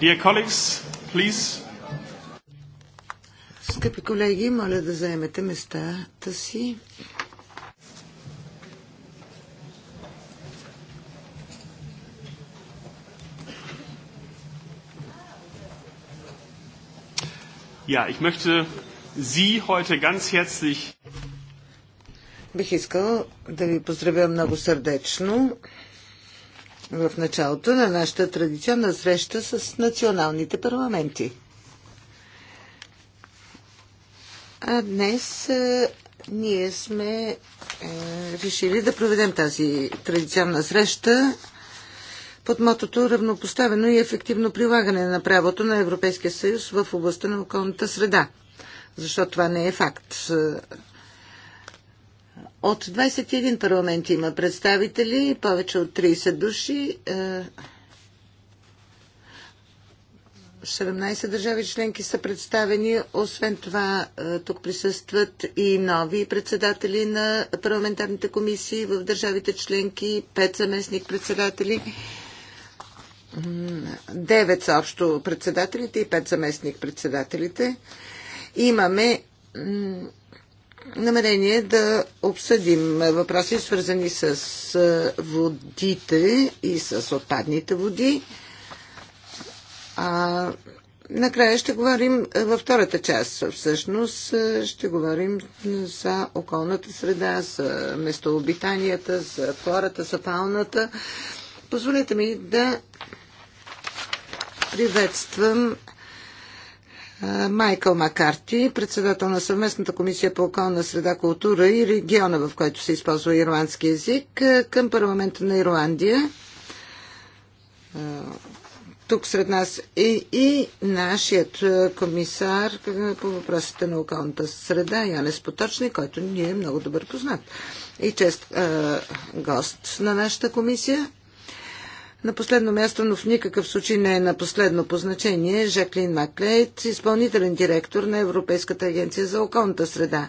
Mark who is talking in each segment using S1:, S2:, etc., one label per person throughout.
S1: Dear colleagues, please.
S2: Скъпи колеги, моля да заемете местата си. Ja, ich
S3: möchte Sie heute ganz herzlich
S2: Бих искал да ви поздравя много сърдечно в началото на нашата традиционна среща с националните парламенти. А днес е, ние сме е, решили да проведем тази традиционна среща под мотото равнопоставено и ефективно прилагане на правото на Европейския съюз в областта на околната среда. Защото това не е факт. От 21 парламент има представители, повече от 30 души. 17 е, държави членки са представени. Освен това, е, тук присъстват и нови председатели на парламентарните комисии в държавите членки, 5 заместник председатели, 9 са общо председателите и 5 заместник председателите. Имаме намерение да обсъдим въпроси, свързани с водите и с отпадните води. А, накрая ще говорим във втората част. Всъщност ще говорим за околната среда, за местообитанията, за флората, за фауната. Позволете ми да приветствам Майкъл Макарти, председател на съвместната комисия по околна среда, култура и региона, в който се използва ирландски язик, към парламента на Ирландия. Тук сред нас е и нашият комисар по въпросите на околната среда, Янес Поточни, който ни е много добър познат и чест гост на нашата комисия. На последно място, но в никакъв случай не е на последно по значение, Жаклин Маклейт, изпълнителен директор на Европейската агенция за околната среда.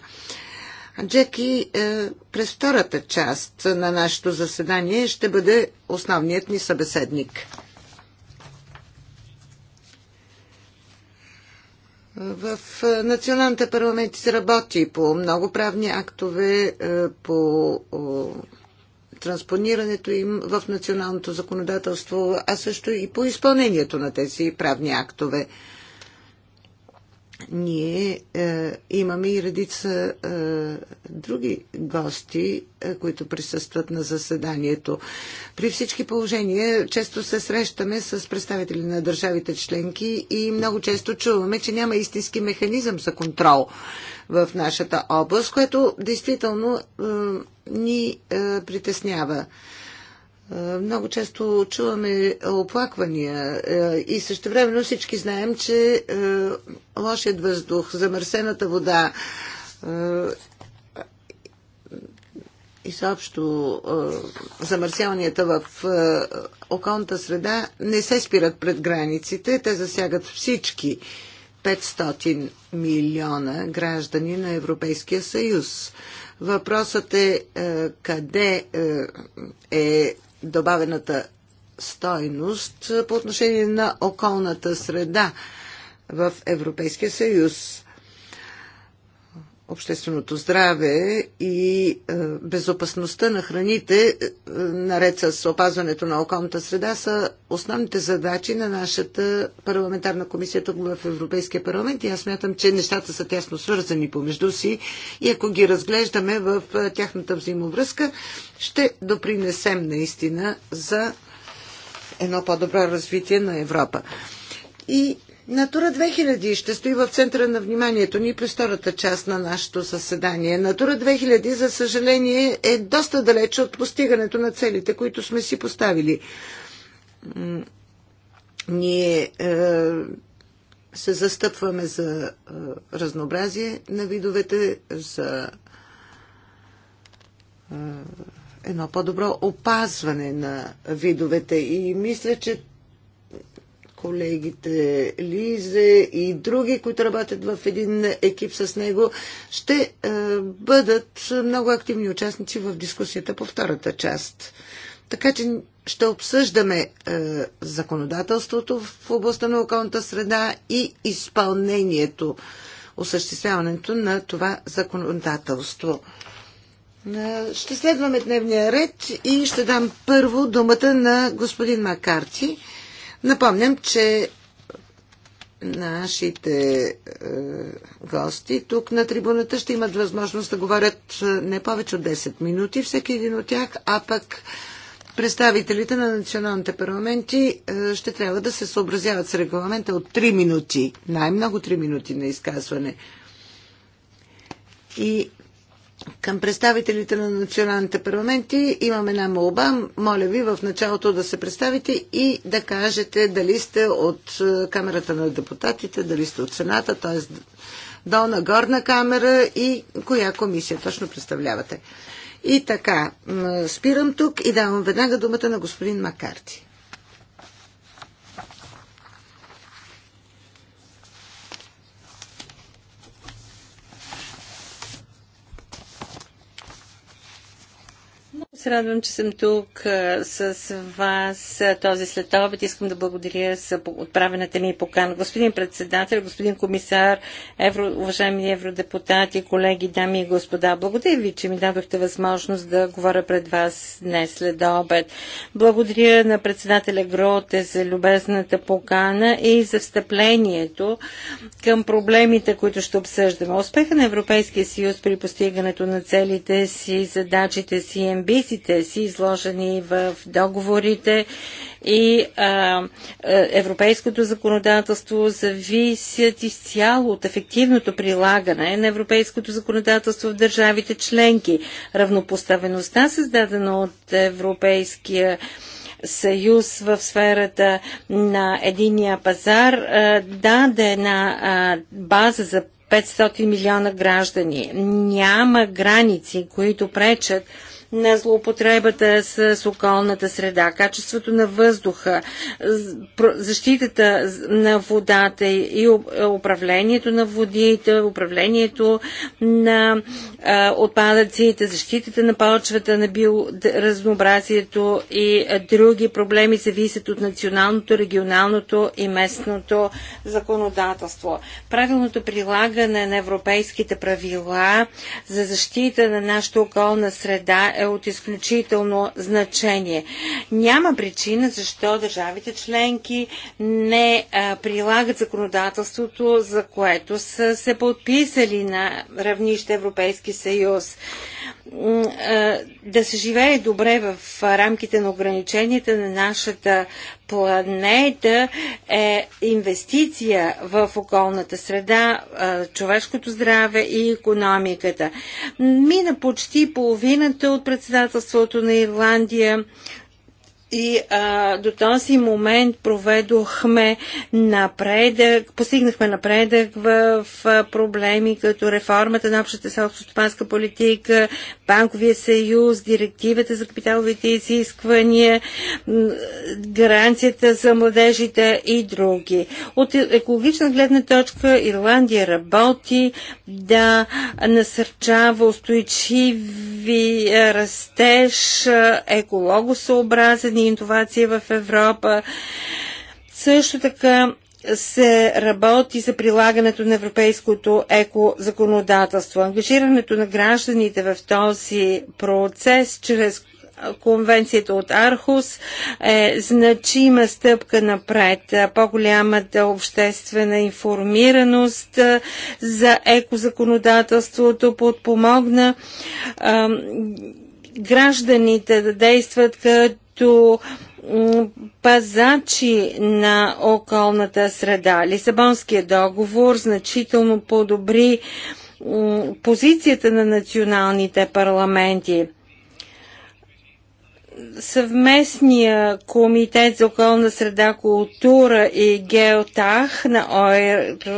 S2: Джеки, е, през втората част на нашето заседание ще бъде основният ни събеседник. В е, националните парламенти се работи по много правни актове, е, по транспонирането им в националното законодателство, а също и по изпълнението на тези правни актове ние е, имаме и редица е, други гости, е, които присъстват на заседанието. При всички положения често се срещаме с представители на държавите членки и много често чуваме, че няма истински механизъм за контрол в нашата област, което действително е, ни е, притеснява. Е, е, много често чуваме оплаквания е, и също времено всички знаем, че е, лошият въздух, замърсената вода и съобщо замърсяванията в околната среда не се спират пред границите. Те засягат всички 500 милиона граждани на Европейския съюз. Въпросът е къде е добавената стойност по отношение на околната среда в Европейския съюз общественото здраве и е, безопасността на храните, е, наред с опазването на околната среда, са основните задачи на нашата парламентарна комисия тук в Европейския парламент. И аз смятам, че нещата са тясно свързани помежду си и ако ги разглеждаме в е, тяхната взаимовръзка, ще допринесем наистина за едно по-добро развитие на Европа. И Натура 2000 ще стои в центъра на вниманието ни през втората част на нашето съседание. Натура 2000, за съжаление, е доста далече от постигането на целите, които сме си поставили. Ние е, се застъпваме за е, разнообразие на видовете, за е, едно по-добро опазване на видовете. И мисля, че колегите Лизе и други, които работят в един екип с него, ще е, бъдат много активни участници в дискусията по втората част. Така че ще обсъждаме е, законодателството в областта на околната среда и изпълнението, осъществяването на това законодателство. Е, ще следваме дневния ред и ще дам първо думата на господин Макарти Напомням, че нашите е, гости тук на трибуната ще имат възможност да говорят е, не повече от 10 минути, всеки един от тях, а пък представителите на националните парламенти е, ще трябва да се съобразяват с регламента от 3 минути, най-много 3 минути на изказване. И към представителите на националните парламенти имам една молба. Моля ви в началото да се представите и да кажете дали сте от е, камерата на депутатите, дали сте от Сената, т.е. долна, горна камера и коя комисия точно представлявате. И така, спирам тук и давам веднага думата на господин Макарти.
S3: се радвам, че съм тук с вас този след обед. Искам да благодаря за отправената ми покана. Господин председател, господин комисар, евро, уважаеми евродепутати, колеги, дами и господа, благодаря ви, че ми дадохте възможност да говоря пред вас днес след обед. Благодаря на председателя Гроте за любезната покана и за встъплението към проблемите, които ще обсъждаме. Успеха на Европейския съюз при постигането на целите си, задачите си и амбиции интересите си, изложени в договорите и а, европейското законодателство зависят изцяло от ефективното прилагане на европейското законодателство в държавите членки. Равнопоставеността, създадена от Европейския съюз в сферата на единия пазар даде една база за 500 милиона граждани. Няма граници, които пречат на злоупотребата с околната среда, качеството на въздуха, защитата на водата и управлението на водите, управлението на отпадъците, защитата на почвата, на биоразнообразието и други проблеми зависят от националното, регионалното и местното законодателство. Правилното прилагане на европейските правила за защита на нашата околна среда е от изключително значение. Няма причина защо държавите членки не прилагат законодателството, за което са се подписали на равнище Европейски съюз да се живее добре в рамките на ограниченията на нашата планета е инвестиция в околната среда, човешкото здраве и економиката. Мина почти половината от председателството на Ирландия и а, до този момент проведохме напредък, постигнахме напредък в, в проблеми като реформата на общата селско-стопанска политика, банковия съюз, директивата за капиталовите изисквания, гаранцията за младежите и други. От екологична гледна точка Ирландия работи да насърчава устойчиви растеж, екологосъобразен последни иновации в Европа. Също така се работи за прилагането на европейското екозаконодателство. Ангажирането на гражданите в този процес чрез конвенцията от Архус е значима стъпка напред. По-голямата обществена информираност за екозаконодателството подпомогна е, гражданите да действат като като пазачи на околната среда. Лисабонският договор значително подобри позицията на националните парламенти. Съвместния комитет за околна среда, култура и геотах на ОРХТ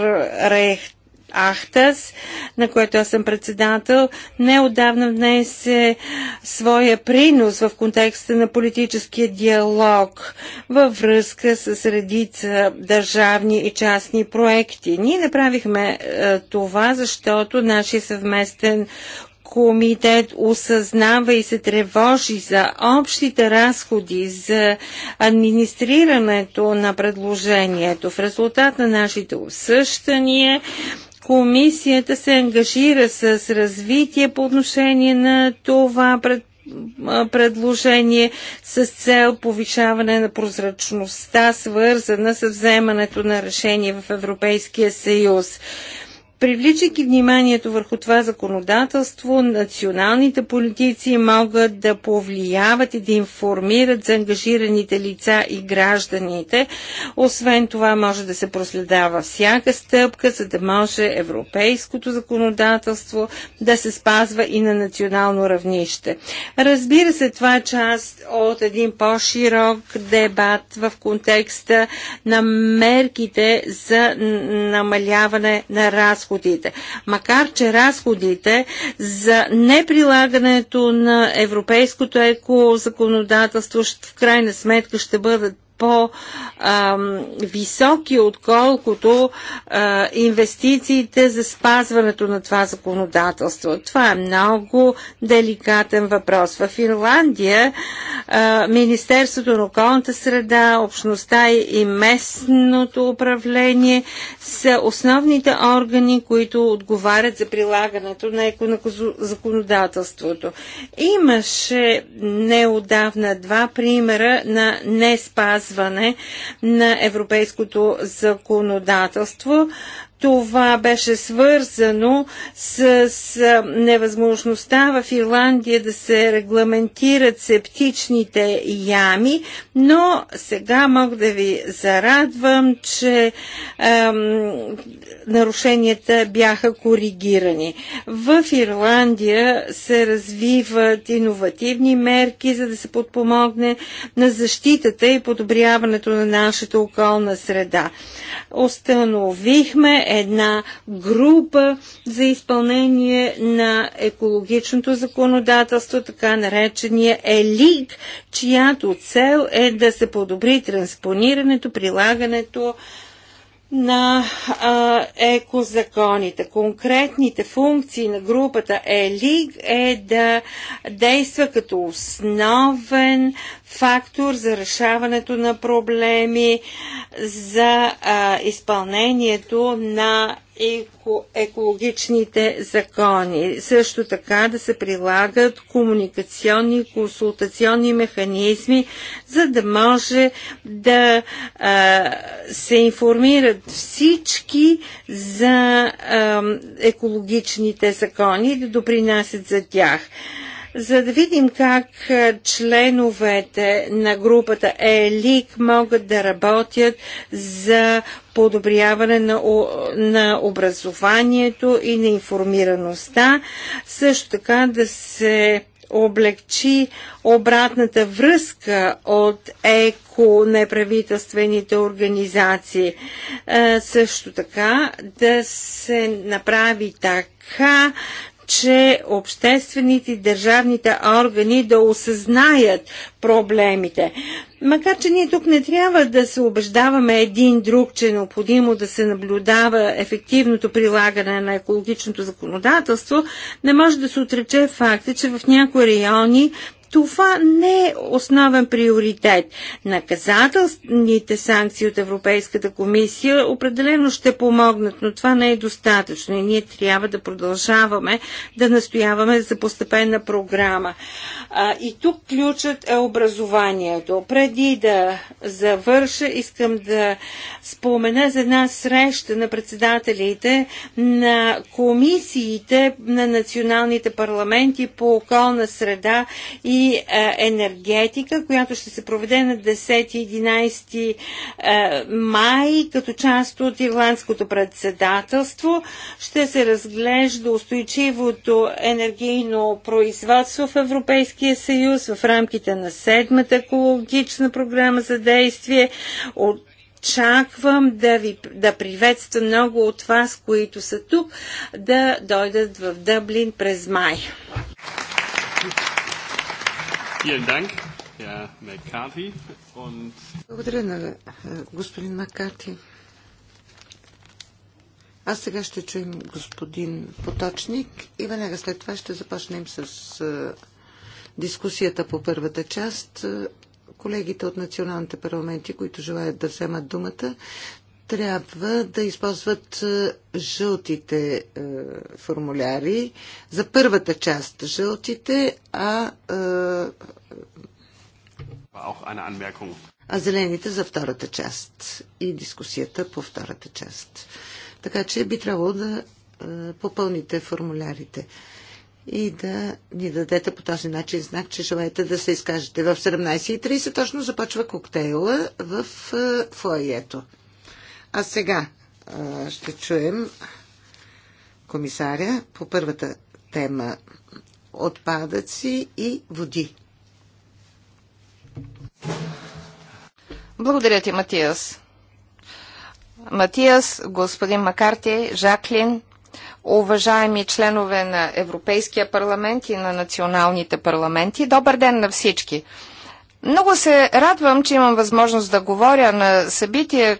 S3: Ахтас, на което аз съм председател, неодавна внесе своя принос в контекста на политическия диалог във връзка с редица държавни и частни проекти. Ние направихме е, това, защото нашия съвместен комитет осъзнава и се тревожи за общите разходи за администрирането на предложението. В резултат на нашите обсъщания комисията се ангажира с развитие по отношение на това пред, предложение с цел повишаване на прозрачността, свързана с вземането на решение в Европейския съюз. Привличайки вниманието върху това законодателство, националните политици могат да повлияват и да информират за ангажираните лица и гражданите. Освен това, може да се проследава всяка стъпка, за да може европейското законодателство да се спазва и на национално равнище. Разбира се, това е част от един по-широк дебат в контекста на мерките за намаляване на разходите разходите. Макар, че разходите за неприлагането на европейското еко законодателство в крайна сметка ще бъдат по-високи, отколкото а, инвестициите за спазването на това законодателство. Това е много деликатен въпрос. В Финландия, а, Министерството на околната среда, общността и местното управление са основните органи, които отговарят за прилагането на законодателството. Имаше неодавна два примера на неспазване спазване на европейското законодателство това беше свързано с, с невъзможността в Ирландия да се регламентират септичните ями, но сега мога да ви зарадвам, че ем, нарушенията бяха коригирани. В Ирландия се развиват иновативни мерки, за да се подпомогне на защитата и подобряването на нашата околна среда. Остановихме една група за изпълнение на екологичното законодателство, така наречения ЕЛИК, чиято цел е да се подобри транспонирането, прилагането на а, екозаконите. Конкретните функции на групата ЕЛИГ е да действа като основен фактор за решаването на проблеми, за а, изпълнението на еко, екологичните закони. Също така да се прилагат комуникационни и консултационни механизми, за да може да а, се информират всички за а, екологичните закони и да допринасят за тях. А, за да видим как членовете на групата ЕЛИК могат да работят за подобряване на, на образованието и на информираността, също така да се облегчи обратната връзка от еко неправителствените организации. също така да се направи така, че обществените и държавните органи да осъзнаят проблемите. Макар, че ние тук не трябва да се убеждаваме един друг, че е необходимо да се наблюдава ефективното прилагане на екологичното законодателство, не може да се отрече факта, че в някои райони това не е основен приоритет. Наказателните санкции от Европейската комисия определено ще помогнат, но това не е достатъчно и ние трябва да продължаваме да настояваме за постепенна програма. А, и тук ключът е образованието. Преди да завърша, искам да спомена за една среща на председателите на комисиите на националните парламенти по околна среда и е, енергетика, която ще се проведе на 10-11 е, май като част от ирландското председателство. Ще се разглежда устойчивото енергийно производство в Европейския съюз в рамките на седмата екологична програма за действие от очаквам да ви да приветствам много от вас, които са тук, да дойдат в Дъблин през май.
S2: Благодаря на господин Макарти. А сега ще чуем господин Поточник и веднага след това ще започнем с дискусията по първата част. Колегите от националните парламенти, които желаят да вземат думата, трябва да използват е, жълтите е, формуляри. За първата част жълтите, а, е, а зелените за втората част и дискусията по втората част. Така че би трябвало да попълните формулярите и да ни дадете по този начин знак, че желаете да се изкажете. В 17.30 точно започва коктейла в фойето. А сега ще чуем комисаря по първата тема отпадъци и води. Благодаря ти, Матиас.
S1: Матиас, господин Макарти, Жаклин, уважаеми членове на Европейския парламент и на националните парламенти, добър ден на всички! Много се радвам, че имам възможност да говоря на събитие,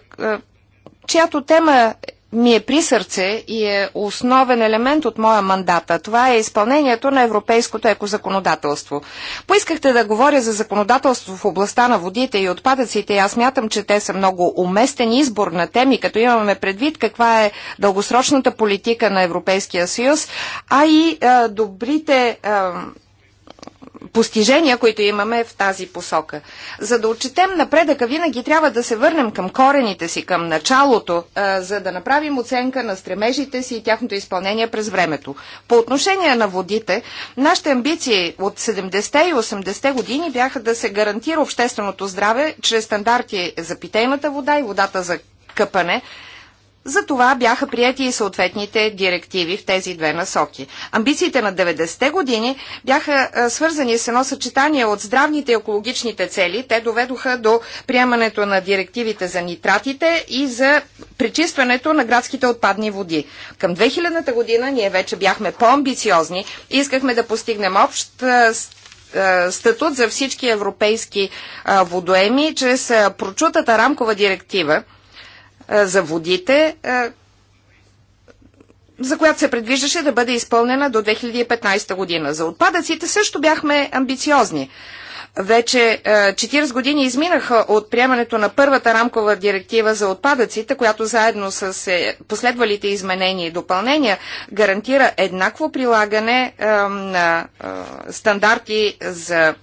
S1: чиято тема ми е при сърце и е основен елемент от моя мандата. Това е изпълнението на европейското екозаконодателство. Поискахте да говоря за законодателство в областта на водите и отпадъците. Аз мятам, че те са много уместен избор на теми, като имаме предвид каква е дългосрочната политика на Европейския съюз, а и а, добрите а, постижения, които имаме в тази посока. За да отчетем напредъка, винаги трябва да се върнем към корените си, към началото, а, за да направим оценка на стремежите си и тяхното изпълнение през времето. По отношение на водите, нашите амбиции от 70-те и 80-те години бяха да се гарантира общественото здраве чрез стандарти за питейната вода и водата за къпане, за това бяха прияти и съответните директиви в тези две насоки. Амбициите на 90-те години бяха е, свързани с едно съчетание от здравните и екологичните цели. Те доведоха до приемането на директивите за нитратите и за пречистването на градските отпадни води. Към 2000-та година ние вече бяхме по-амбициозни и искахме да постигнем общ е, е, статут за всички европейски водоеми чрез прочутата рамкова директива – за водите, за която се предвиждаше да бъде изпълнена до 2015 година. За отпадъците също бяхме амбициозни. Вече 40 години изминаха от приемането на първата рамкова директива за отпадъците, която заедно с е, последвалите изменения и допълнения гарантира еднакво прилагане на стандарти за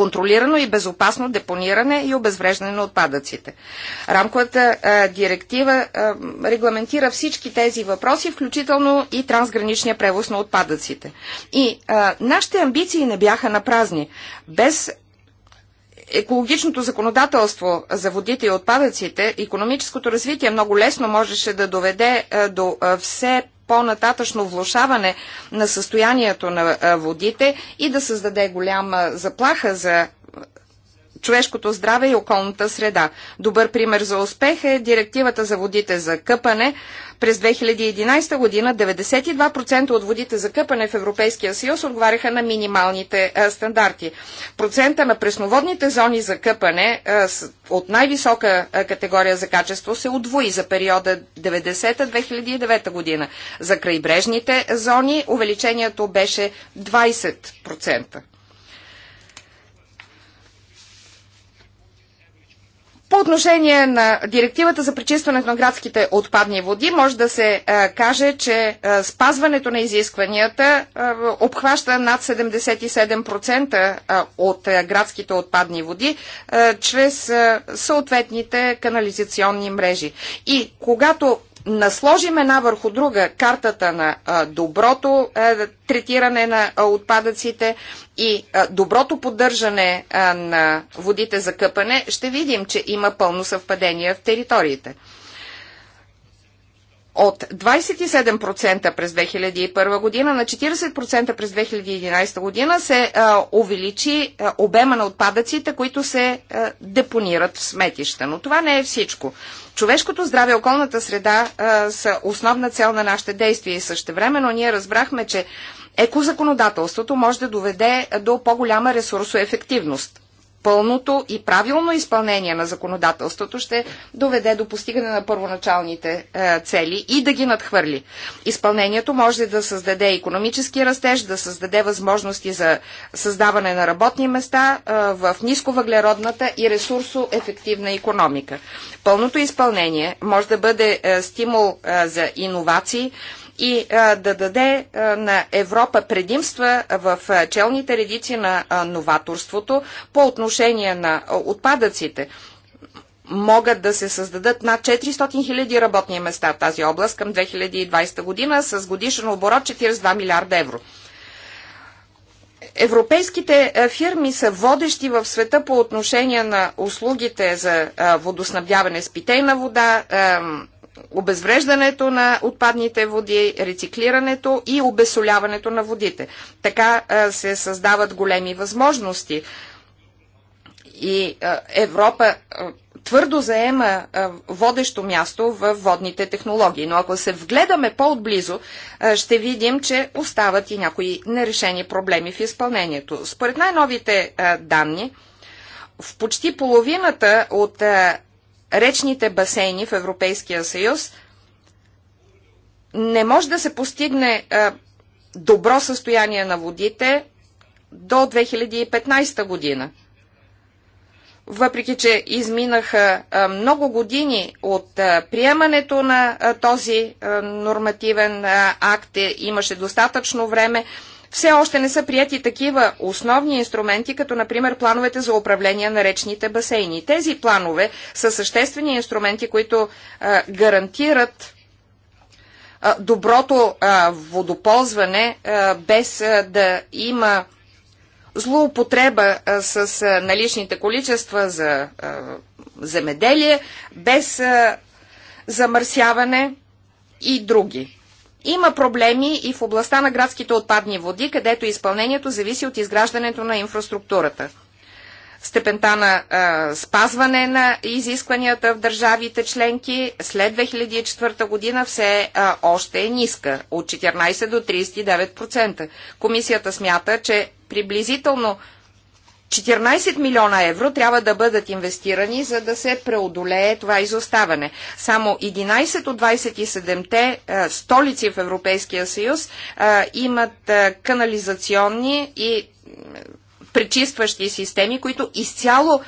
S1: контролирано и безопасно депониране и обезвреждане на отпадъците. Рамковата а, директива а, регламентира всички тези въпроси, включително и трансграничния превоз на отпадъците. И а, нашите амбиции не бяха на празни. Без екологичното законодателство за водите и отпадъците, економическото развитие много лесно можеше да доведе до все по-нататъчно влушаване на състоянието на водите и да създаде голяма заплаха за човешкото здраве и околната среда. Добър пример за успех е директивата за водите за къпане. През 2011 година 92% от водите за къпане в Европейския съюз отговаряха на минималните а, е, стандарти. Процента на пресноводните зони за къпане а, е, с, от най-висока е, категория за качество се удвои за периода 90-2009 година. За крайбрежните зони увеличението беше 20%. По отношение на директивата за пречистването на градските отпадни води, може да се каже, че спазването на изискванията обхваща над 77% от градските отпадни води чрез съответните канализационни мрежи. И когато насложим една върху друга картата на доброто третиране на отпадъците и доброто поддържане на водите за къпане, ще видим, че има пълно съвпадение в териториите. От 27% през 2001 година на 40% през 2011 година се а, увеличи а, обема на отпадъците, които се а, депонират в сметища. Но това не е всичко. Човешкото здраве и околната среда а, са основна цел на нашите действия и същевременно ние разбрахме, че екозаконодателството може да доведе до по-голяма ресурсоефективност пълното и правилно изпълнение на законодателството ще доведе до постигане на първоначалните е, цели и да ги надхвърли. Изпълнението може да създаде економически растеж, да създаде възможности за създаване на работни места е, в нисковъглеродната и ресурсоефективна економика. Пълното изпълнение може да бъде е, стимул е, за иновации, и да даде на Европа предимства в челните редици на новаторството по отношение на отпадъците. Могат да се създадат над 400 000 работни места в тази област към 2020 година с годишен оборот 42 милиарда евро. Европейските фирми са водещи в света по отношение на услугите за водоснабдяване с питейна вода, обезвреждането на отпадните води, рециклирането и обесоляването на водите. Така се създават големи възможности. И Европа твърдо заема водещо място в водните технологии. Но ако се вгледаме по-отблизо, ще видим, че остават и някои нерешени проблеми в изпълнението. Според най-новите данни, в почти половината от речните басейни в Европейския съюз, не може да се постигне добро състояние на водите до 2015 година. Въпреки, че изминаха много години от приемането на този нормативен акт, е, имаше достатъчно време все още не са прияти такива основни инструменти, като например плановете за управление на речните басейни. Тези планове са съществени инструменти, които а, гарантират а, доброто а, водоползване а, без а, да има злоупотреба с а, наличните количества за а, земеделие, без а, замърсяване и други. Има проблеми и в областта на градските отпадни води, където изпълнението зависи от изграждането на инфраструктурата. Степента на а, спазване на изискванията в държавите членки след 2004 година все а, още е ниска, от 14 до 39%. Комисията смята, че приблизително 14 милиона евро трябва да бъдат инвестирани, за да се преодолее това изоставане. Само 11 от 27-те столици в Европейския съюз имат канализационни и пречистващи системи, които изцяло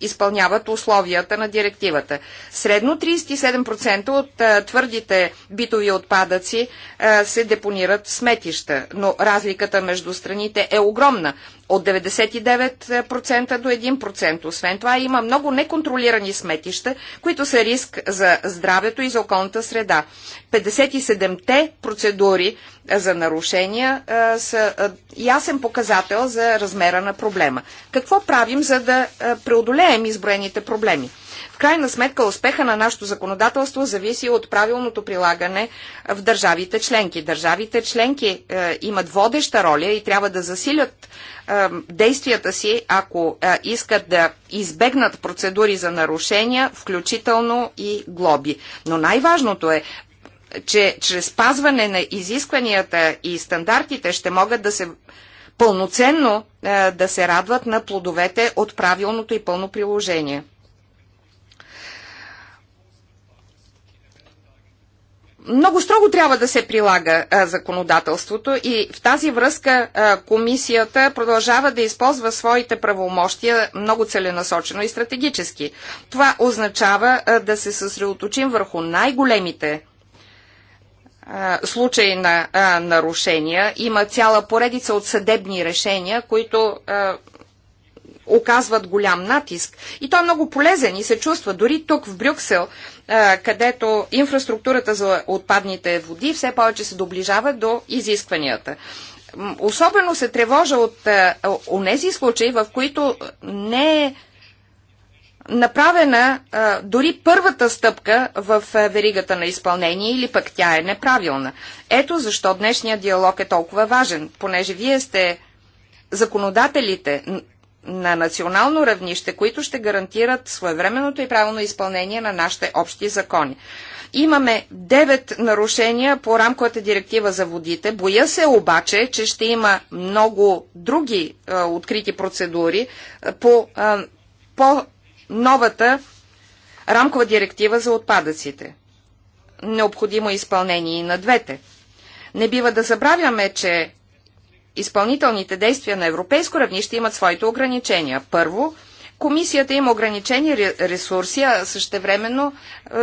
S1: изпълняват условията на директивата. Средно 37% от а, твърдите битови отпадъци а, се депонират в сметища, но разликата между страните е огромна от 99% до 1%. Освен това има много неконтролирани сметища, които са риск за здравето и за околната среда. 57-те процедури за нарушения а, са а, ясен показател за размера на проблема. Какво правим, за да преодолеем изброените проблеми? В крайна сметка успеха на нашето законодателство зависи от правилното прилагане в държавите членки. Държавите членки е, имат водеща роля и трябва да засилят е, действията си, ако е, искат да избегнат процедури за нарушения, включително и глоби. Но най-важното е че чрез спазване на изискванията и стандартите ще могат да се пълноценно е, да се радват на плодовете от правилното и пълно приложение. много строго трябва да се прилага а, законодателството и в тази връзка а, комисията продължава да използва своите правомощия много целенасочено и стратегически. Това означава а, да се съсредоточим върху най-големите случаи на а, нарушения. Има цяла поредица от съдебни решения, които оказват голям натиск. И той е много полезен и се чувства дори тук в Брюксел, където инфраструктурата за отпадните води все повече се доближава до изискванията. Особено се тревожа от онези случаи, в които не е направена а, дори първата стъпка в а, веригата на изпълнение или пък тя е неправилна. Ето защо днешния диалог е толкова важен, понеже вие сте законодателите, на национално равнище, които ще гарантират своевременното и правилно изпълнение на нашите общи закони. Имаме 9 нарушения по рамковата директива за водите. Боя се обаче, че ще има много други а, открити процедури а, по, а, по новата рамкова директива за отпадъците. Необходимо изпълнение и на двете. Не бива да забравяме, че изпълнителните действия на европейско равнище имат своите ограничения. Първо, комисията има ограничени ресурси, а същевременно е,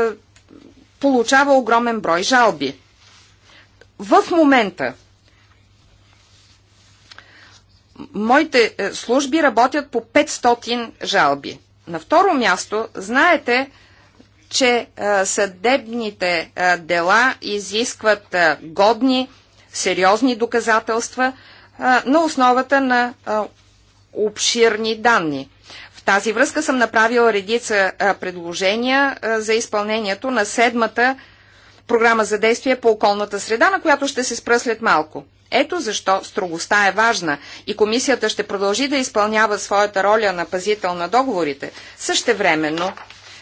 S1: получава огромен брой жалби. В момента моите е, служби работят по 500 жалби. На второ място, знаете, че е, съдебните е, дела изискват годни, сериозни доказателства, на основата на обширни данни. В тази връзка съм направила редица предложения за изпълнението на седмата програма за действие по околната среда, на която ще се спра след малко. Ето защо строгостта е важна и комисията ще продължи да изпълнява своята роля на пазител на договорите. Същевременно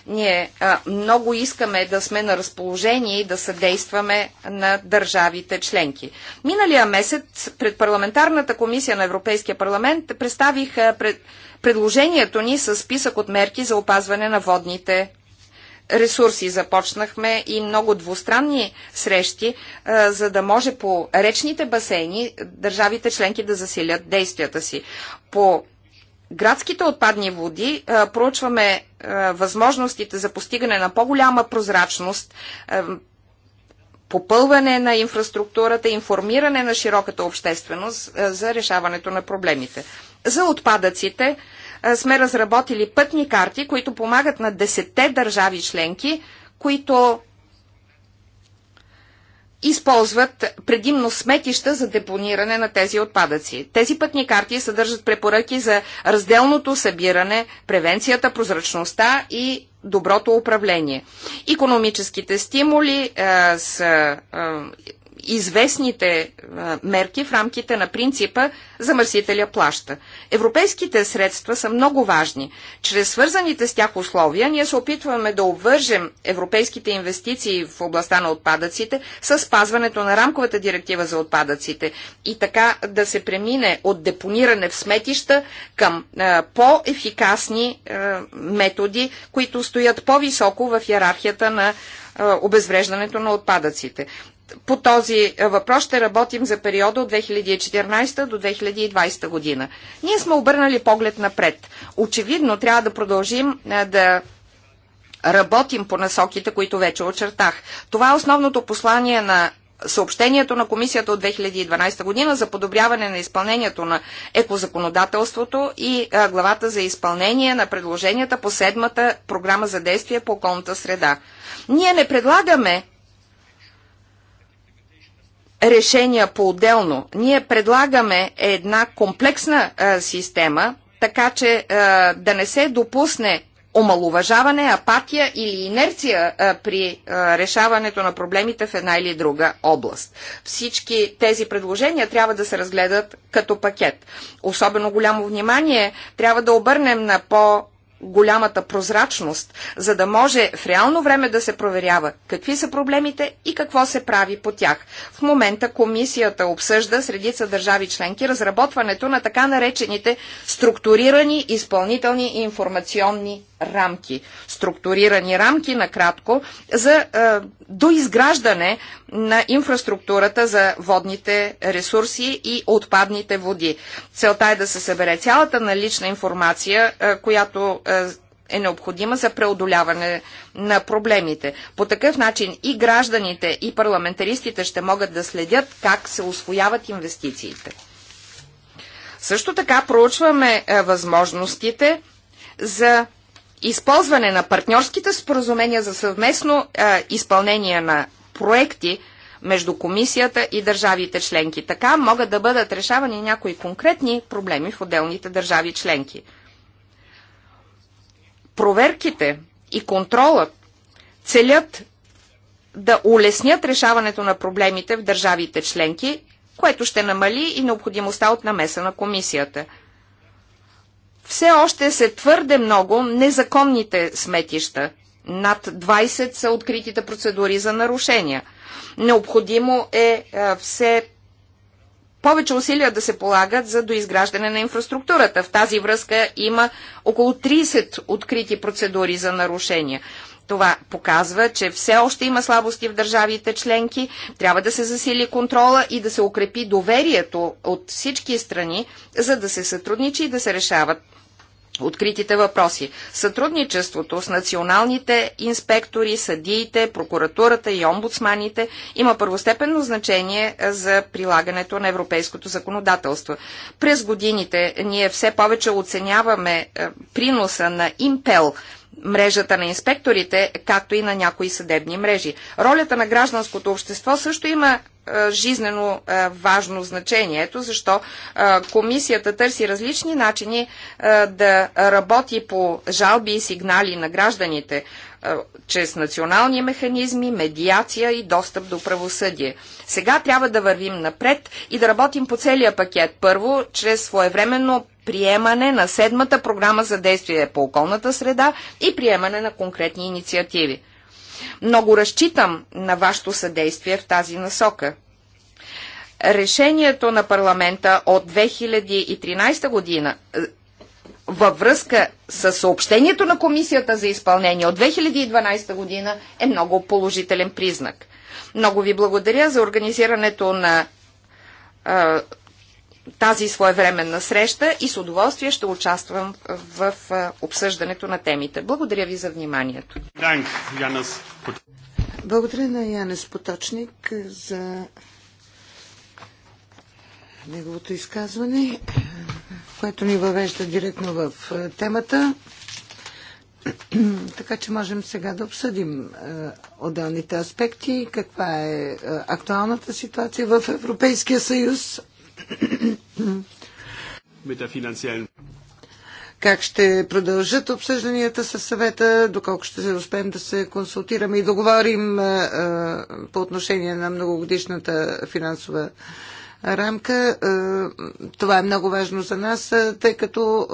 S1: ние а, много искаме да сме на разположение и да съдействаме на държавите членки. Миналия месец пред парламентарната комисия на Европейския парламент представих а, пред, предложението ни с списък от мерки за опазване на водните ресурси. Започнахме и много двустранни срещи, а, за да може по речните басейни държавите членки да засилят действията си. По градските отпадни води проучваме възможностите за постигане на по-голяма прозрачност, попълване на инфраструктурата, информиране на широката общественост за решаването на проблемите. За отпадъците сме разработили пътни карти, които помагат на десетте държави членки, които използват предимно сметища за депониране на тези отпадъци. Тези пътни карти съдържат препоръки за разделното събиране, превенцията, прозрачността и доброто управление. Економическите стимули е, са е, известните мерки в рамките на принципа замърсителя плаща. Европейските средства са много важни. Чрез свързаните с тях условия ние се опитваме да обвържем европейските инвестиции в областта на отпадъците с спазването на рамковата директива за отпадъците и така да се премине от депониране в сметища към по-ефикасни методи, които стоят по-високо в иерархията на обезвреждането на отпадъците по този въпрос ще работим за периода от 2014 до 2020 година. Ние сме обърнали поглед напред. Очевидно трябва да продължим е, да работим по насоките, които вече очертах. Това е основното послание на съобщението на комисията от 2012 година за подобряване на изпълнението на екозаконодателството и е, главата за изпълнение на предложенията по седмата програма за действие по околната среда. Ние не предлагаме решения по-отделно. Ние предлагаме една комплексна а, е, система, така че а, е, да не се допусне омалуважаване, апатия или инерция а, е, при а, решаването на проблемите в една или друга област. Всички тези предложения трябва да се разгледат като пакет. Особено голямо внимание трябва да обърнем на по- голямата прозрачност, за да може в реално време да се проверява какви са проблемите и какво се прави по тях. В момента комисията обсъжда с редица държави членки разработването на така наречените структурирани изпълнителни и информационни рамки, структурирани рамки, накратко, за е, доизграждане на инфраструктурата за водните ресурси и отпадните води. Целта е да се събере цялата налична информация, е, която е, е необходима за преодоляване на проблемите. По такъв начин и гражданите, и парламентаристите ще могат да следят как се освояват инвестициите. Също така проучваме е, възможностите за използване на партньорските споразумения за съвместно а, изпълнение на проекти между комисията и държавите членки. Така могат да бъдат решавани някои конкретни проблеми в отделните държави членки. Проверките и контролът целят да улеснят решаването на проблемите в държавите членки, което ще намали и необходимостта от намеса на комисията – все още се твърде много незаконните сметища. Над 20 са откритите процедури за нарушения. Необходимо е, е все повече усилия да се полагат за доизграждане на инфраструктурата. В тази връзка има около 30 открити процедури за нарушения. Това показва, че все още има слабости в държавите членки, трябва да се засили контрола и да се укрепи доверието от всички страни, за да се сътрудничи и да се решават откритите въпроси. Сътрудничеството с националните инспектори, съдиите, прокуратурата и омбудсманите има първостепенно значение за прилагането на европейското законодателство. През годините ние все повече оценяваме е, приноса на Импел – мрежата на инспекторите, както и на някои съдебни мрежи. Ролята на гражданското общество също има е, жизнено е, важно значение. Ето защо е, комисията търси различни начини да работи по жалби и сигнали на гражданите чрез национални механизми, медиация и достъп до правосъдие. Сега трябва да вървим напред и да работим по целия пакет. Първо, чрез своевременно приемане на седмата програма за действие по околната среда и приемане на конкретни инициативи. Много разчитам на вашето съдействие в тази насока. Решението на парламента от 2013 година във връзка с съобщението на Комисията за изпълнение от 2012 година е много положителен признак. Много ви благодаря за организирането на а, тази своевременна среща и с удоволствие ще участвам в а, обсъждането на темите. Благодаря ви за вниманието.
S2: Благодаря на Янес Поточник за неговото изказване което ни въвежда директно в е, темата. Така че можем сега да обсъдим е, отделните аспекти, каква е, е актуалната ситуация в Европейския съюз. Как ще продължат обсъжданията с съвета, доколко ще се успеем да се консултираме и договорим по отношение на многогодишната финансова рамка. Е, това е много важно за нас, е, тъй като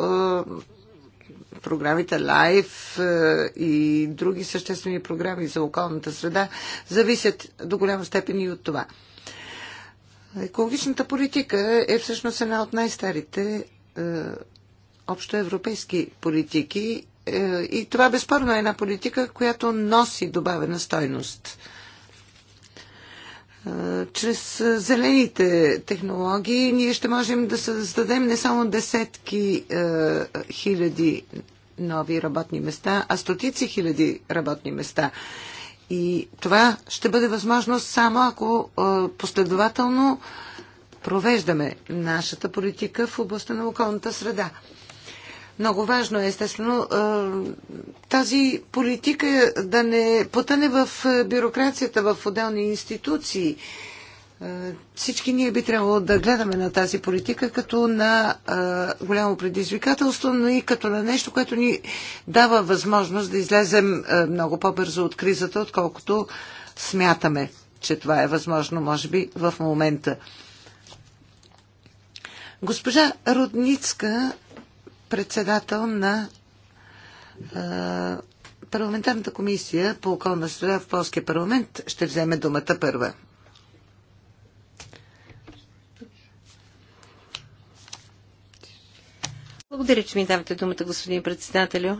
S2: е, програмите Лайф и други съществени програми за околната среда зависят до голяма степен и от това. Екологичната политика е всъщност една от най-старите общоевропейски политики и това безспорно е една политика, която носи добавена стойност чрез зелените технологии ние ще можем да създадем не само десетки е, хиляди нови работни места, а стотици хиляди работни места. И това ще бъде възможно само ако е, последователно провеждаме нашата политика в областта на околната среда. Много важно е, естествено, е, тази политика да не потъне в е, бюрокрацията, в отделни институции. Е, всички ние би трябвало да гледаме на тази политика като на голямо предизвикателство, но и като на нещо, което ни дава възможност да излезем много по-бързо от кризата, отколкото смятаме, че това е възможно, може би, в момента. Госпожа Рудницка председател на парламентарната комисия по околна среда в Полския парламент ще вземе думата първа.
S3: Благодаря, че ми давате думата, господин председателю.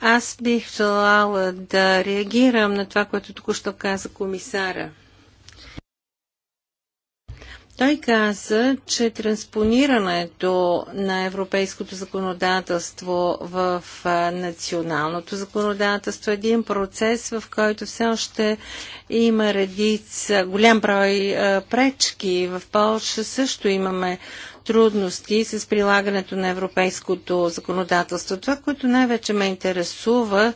S3: Аз бих желала да реагирам на това, което току-що каза комисара – той каза, че транспонирането на европейското законодателство в националното законодателство е един процес, в който все още има редица, голям брой пречки. В Польша също имаме трудности с прилагането на европейското законодателство. Това, което най-вече ме интересува,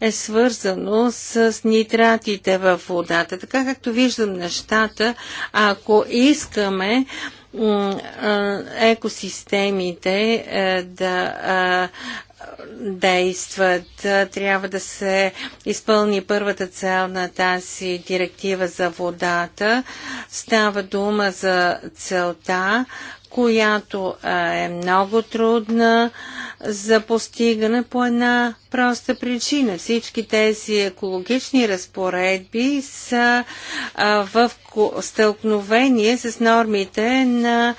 S3: е свързано с нитратите в водата. Така както виждам нещата, ако искаме екосистемите е, да действат. Трябва да се изпълни първата цел на тази директива за водата. Става дума за целта, която е много трудна за постигане по една проста причина. Всички тези екологични разпоредби са в стълкновение с нормите на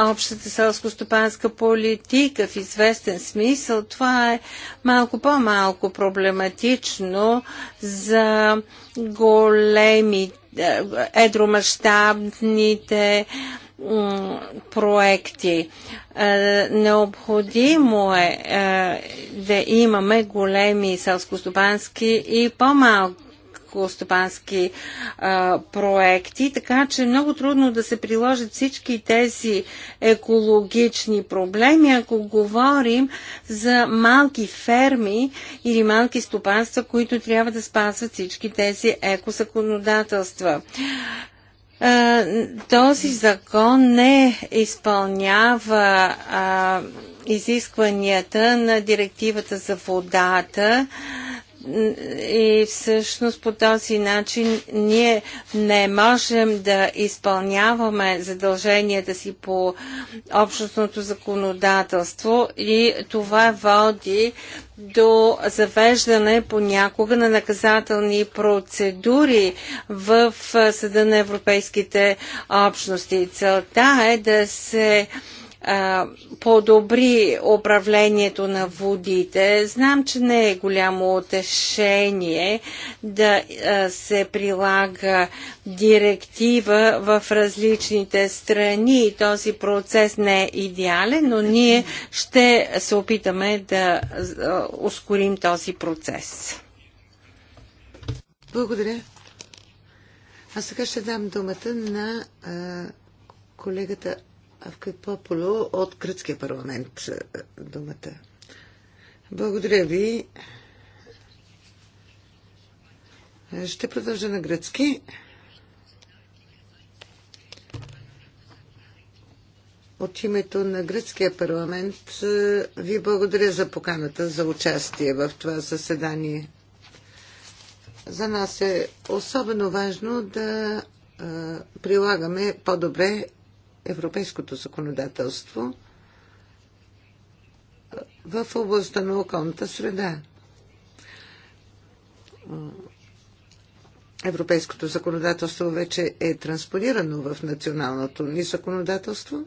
S3: общата селско-стопанска политика. В известен смисъл това е малко по-малко проблематично за големи едромащабните проекти. Е, необходимо е, е да имаме големи селскостопански и по-малки стопански е, проекти, така че е много трудно да се приложат всички тези екологични проблеми, ако говорим за малки ферми или малки стопанства, които трябва да спазват всички тези екозаконодателства. Е, този закон не изпълнява а, е, изискванията на директивата за водата и всъщност по този начин ние не можем да изпълняваме задълженията си по общностното законодателство и това води до завеждане понякога на наказателни процедури в Съда на Европейските общности. Целта е да се а, подобри управлението на водите. Знам, че не е голямо отешение да се прилага директива в различните страни. Този процес не е идеален, но ние ще се опитаме да ускорим този процес.
S2: Благодаря. А сега ще дам думата на колегата Авкатополо от Гръцкия парламент е, думата. Благодаря ви. Ще продължа на гръцки. От името на гръцкия парламент е, ви благодаря за поканата за участие в това заседание. За нас е особено важно да е, прилагаме по-добре европейското законодателство в областта на околната среда. Европейското законодателство вече е транспонирано в националното ни законодателство.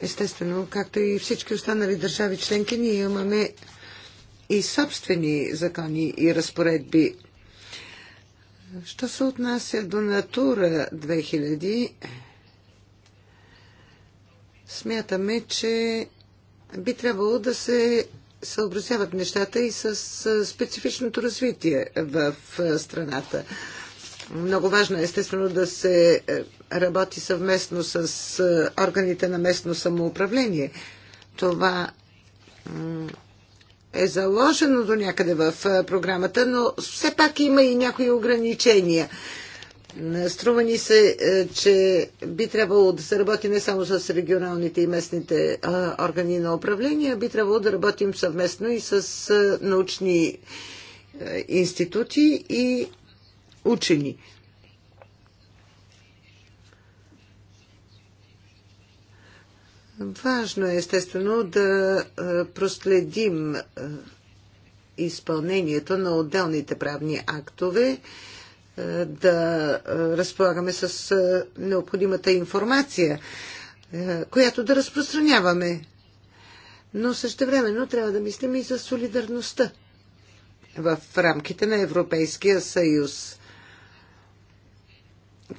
S2: Естествено, както и всички останали държави членки, ние имаме и собствени закони и разпоредби Що се отнася до Натура 2000, смятаме, че би трябвало да се съобразяват нещата и с специфичното развитие в страната. Много важно е, естествено, да се е, работи съвместно с органите на местно самоуправление. Това е заложено до някъде в програмата, но все пак има и някои ограничения. Струва ни се, че би трябвало да се работи не само с регионалните и местните органи на управление, а би трябвало да работим съвместно и с научни институти и учени. Важно е, естествено, да проследим изпълнението на отделните правни актове, да разполагаме с необходимата информация, която да разпространяваме. Но същевременно трябва да мислим и за солидарността в рамките на Европейския съюз.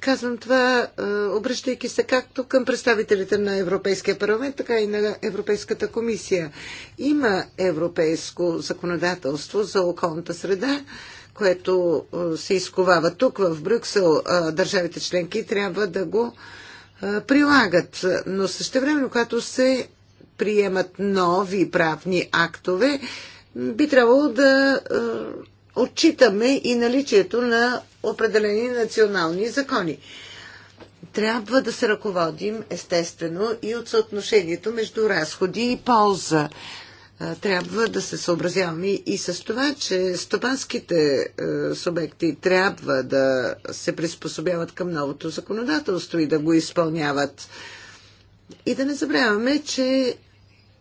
S2: Казвам това, е, обръщайки се както към представителите на Европейския парламент, така и на Европейската комисия. Има европейско законодателство за околната среда, което е, се изковава тук в Брюксел. Е, държавите членки трябва да го прилагат. Но също време, когато се приемат нови правни актове, би трябвало да отчитаме и наличието на определени национални закони. Трябва да се ръководим, естествено, и от съотношението между разходи и полза. Трябва да се съобразяваме и с това, че стопанските е, субекти трябва да се приспособяват към новото законодателство и да го изпълняват. И да не забравяме, че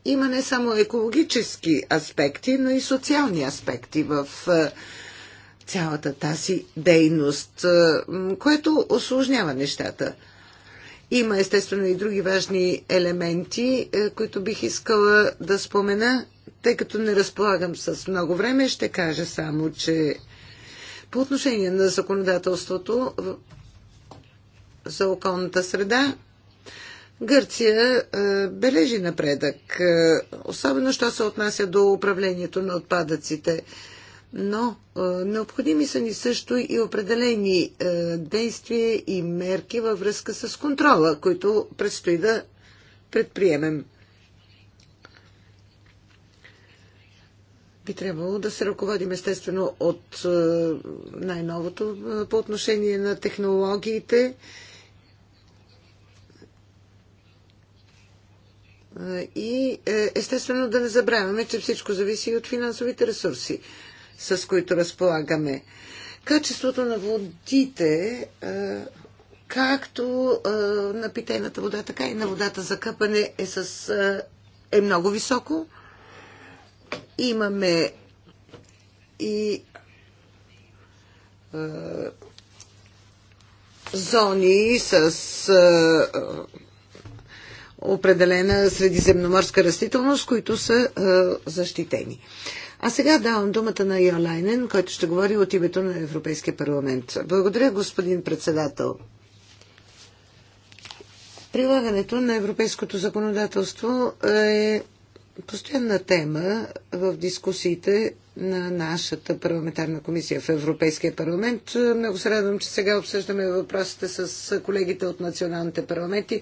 S2: има не само екологически аспекти, но и социални аспекти в е, цялата тази дейност, което осложнява нещата. Има естествено и други важни елементи, които бих искала да спомена. Тъй като не разполагам с много време, ще кажа само, че по отношение на законодателството за околната среда, Гърция е, бележи напредък, е, особено що се отнася до управлението на отпадъците но е, необходими са ни също и определени е, действия и мерки във връзка с контрола, които предстои да предприемем. Би трябвало да се ръководим естествено от най-новото по отношение на технологиите. И е, естествено да не забравяме, че всичко зависи и от финансовите ресурси с които разполагаме. Качеството на водите, както на питейната вода, така и на водата за къпане е, с, е много високо. Имаме и зони с определена средиземноморска растителност, които са защитени. А сега давам думата на Йолайнен, който ще говори от името на Европейския парламент. Благодаря, господин председател. Прилагането на европейското законодателство е постоянна тема в дискусиите на нашата парламентарна комисия в Европейския парламент. Много се радвам, че сега обсъждаме въпросите с колегите от националните парламенти.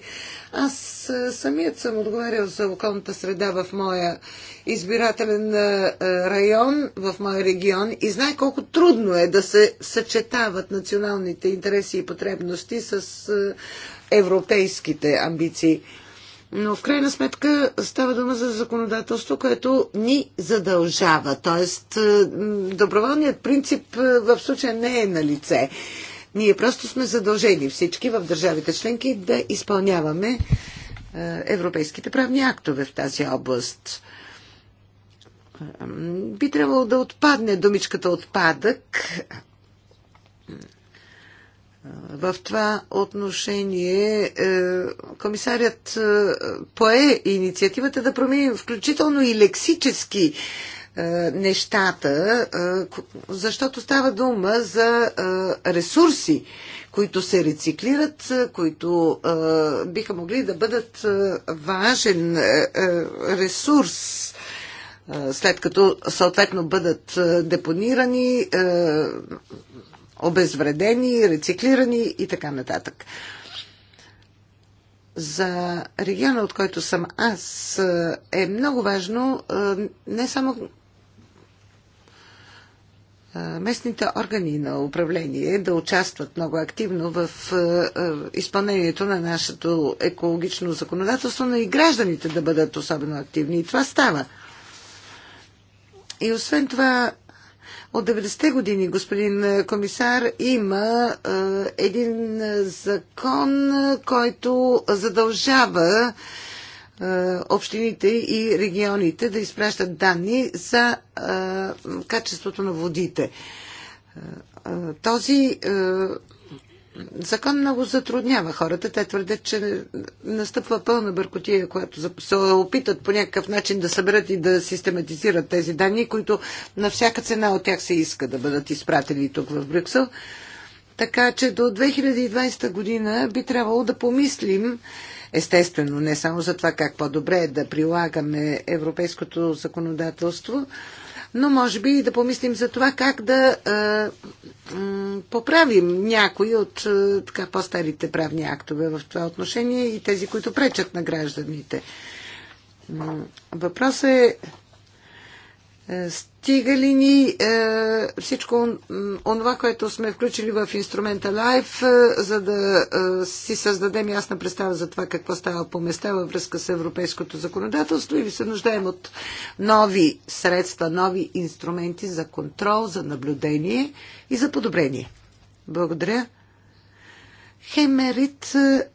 S2: Аз самият съм отговарял за околната среда в моя избирателен район, в моя регион и знае колко трудно е да се съчетават националните интереси и потребности с европейските амбиции. Но в крайна сметка става дума за законодателство, което ни задължава. Тоест, е, доброволният принцип е, в случая не е на лице. Ние просто сме задължени всички в държавите членки да изпълняваме е, европейските правни актове в тази област. Би трябвало да отпадне думичката отпадък, в това отношение е, комисарят е, пое инициативата да промени включително и лексически е, нещата, защото става дума за ресурси, които се рециклират, които биха могли да бъдат важен ресурс след като съответно бъдат депонирани, обезвредени, рециклирани и така нататък. За региона, от който съм аз, е много важно не само местните органи на управление да участват много активно в изпълнението на нашето екологично законодателство, но и гражданите да бъдат особено активни. И това става. И освен това, от 90-те години, господин е, комисар, има е, един е, закон, е, който задължава общините и регионите да изпращат данни за качеството на водите. Този закон много затруднява хората. Те твърдят, че настъпва пълна бъркотия, която се опитат по някакъв начин да съберат и да систематизират тези данни, които на всяка цена от тях се иска да бъдат изпратени тук в Брюксел. Така че до 2020 година би трябвало да помислим, естествено, не само за това как по-добре е да прилагаме европейското законодателство, но може би и да помислим за това как да е, поправим някои от е, така, по-старите правни актове в това отношение и тези, които пречат на гражданите. Въпросът е е, стига ли ни е, всичко онова, което сме включили в инструмента Life, е, за да е, си създадем ясна представа за това какво става по места във връзка с европейското законодателство и ви се нуждаем от нови средства, нови инструменти за контрол, за наблюдение и за подобрение. Благодаря. Хемерит е,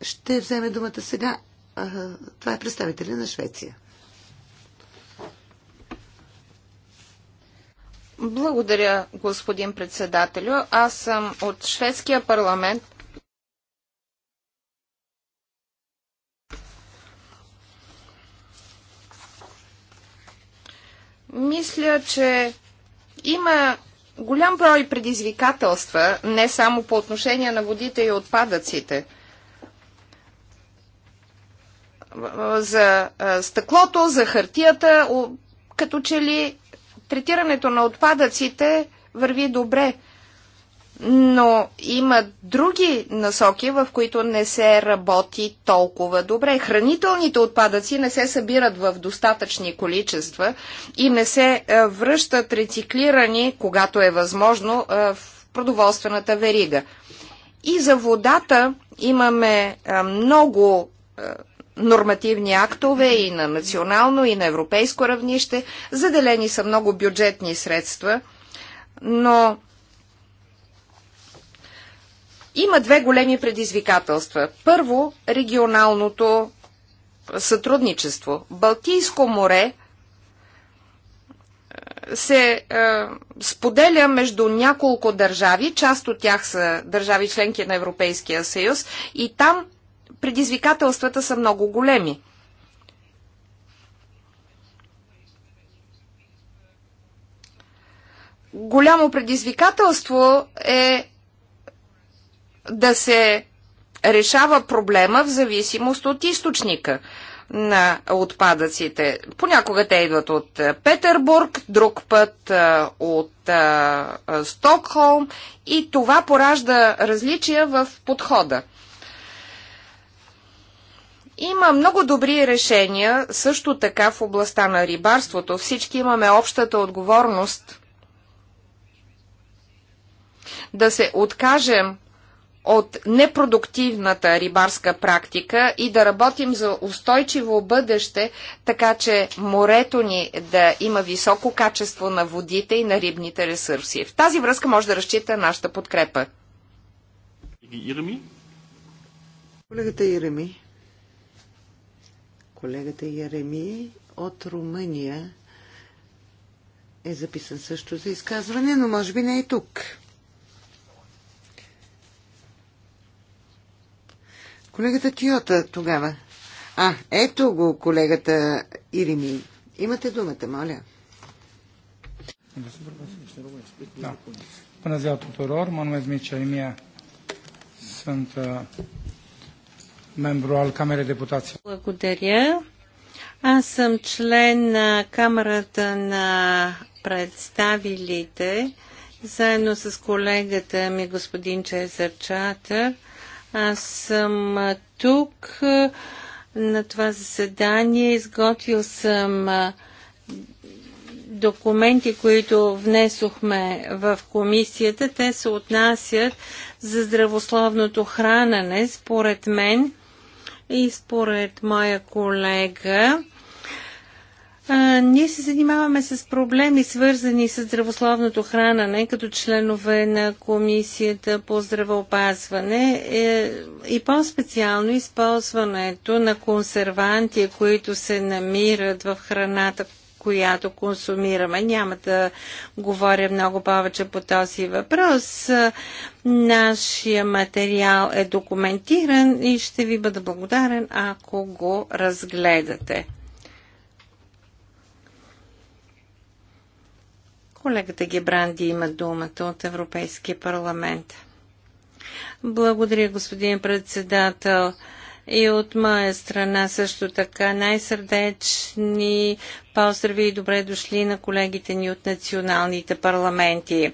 S2: ще вземе думата сега. Е, това е представителя на Швеция.
S1: Благодаря, господин председателю. Аз съм от шведския парламент. Мисля, че има голям брой предизвикателства, не само по отношение на водите и отпадъците. За стъклото, за хартията, като че ли Третирането на отпадъците върви добре, но има други насоки, в които не се работи толкова добре. Хранителните отпадъци не се събират в достатъчни количества и не се е, връщат рециклирани, когато е възможно, е, в продоволствената верига. И за водата имаме е, много нормативни актове и на национално, и на европейско равнище. Заделени са много бюджетни средства, но има две големи предизвикателства. Първо, регионалното сътрудничество. Балтийско море е, се е, споделя между няколко държави, част от тях са държави членки на Европейския съюз, и там предизвикателствата са много големи. Голямо предизвикателство е да се решава проблема в зависимост от източника на отпадъците. Понякога те идват от е, Петербург, друг път е, от е, Стокхолм и това поражда различия в подхода. Има много добри решения също така в областта на рибарството. Всички имаме общата отговорност да се откажем от непродуктивната рибарска практика и да работим за устойчиво бъдеще, така че морето ни да има високо качество на водите и на рибните ресурси. В тази връзка може да разчита нашата подкрепа.
S3: Иреми?
S2: Колегата Иреми. Колегата Яреми от Румъния е записан също за изказване, но може би не е тук. Колегата Тиота тогава. А, ето го колегата Ирими. Имате думата, моля. Да. Bună ziua tuturor, mă numesc Mircea
S1: Imie, membru al Camerei Deputaților.
S3: Благодаря. Аз съм член на Камерата на представилите, заедно с колегата ми господин Чезър Чатър. Аз съм тук на това заседание. Изготвил съм документи, които внесохме в комисията. Те се отнасят за здравословното хранане. Според мен, и според моя колега, ние се занимаваме с проблеми, свързани с здравословното хранане, като членове на Комисията по здравеопазване е, и по-специално използването на консерванти, които се намират в храната, която консумираме. Няма да говоря много повече по този въпрос. Нашия материал е документиран и ще ви бъда благодарен, ако го разгледате. Колегата Гебранди има думата от Европейския парламент. Благодаря, господин председател. И от моя страна също така най-сърдечни поздрави и добре дошли на колегите ни от националните парламенти.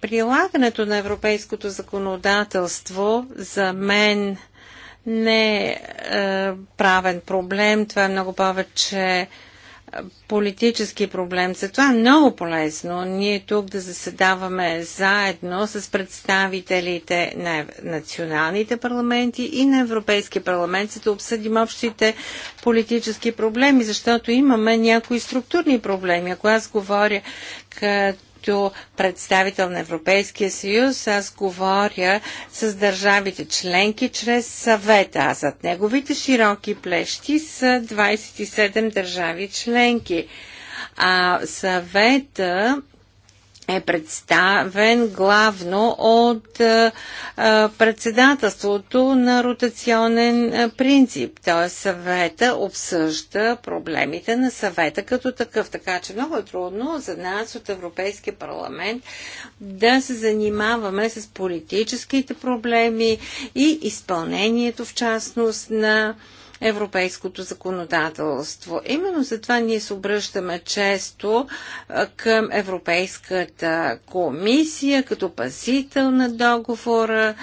S3: Прилагането на европейското законодателство за мен не е, е правен проблем. Това е много повече политически проблем. Затова е много полезно ние тук да заседаваме заедно с представителите на националните парламенти и на Европейския парламент, за да обсъдим общите политически проблеми, защото имаме някои структурни проблеми. Ако аз говоря като като представител на Европейския съюз аз говоря с държавите членки чрез съвета, а зад неговите широки плещи са 27 държави членки. А съвета е представен главно от е, е, председателството на ротационен е, принцип. Т.е. съвета обсъжда проблемите на съвета като такъв. Така че много е трудно за нас от Европейския парламент да се занимаваме с политическите проблеми и изпълнението в частност на европейското законодателство. Именно за това ние се обръщаме често към Европейската комисия като пазител на договора,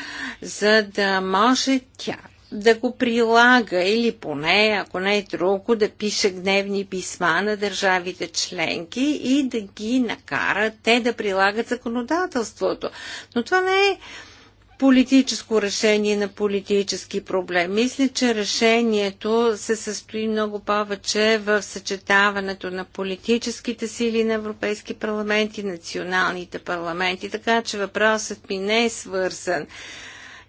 S3: за да може тя да го прилага или поне, ако не е друго, да пише гневни писма на държавите членки и да ги накара те да прилагат законодателството. Но това не е политическо решение на политически проблем. Мисля, че решението се състои много повече в съчетаването на политическите сили на Европейски парламент и националните парламенти, така че въпросът ми не е свързан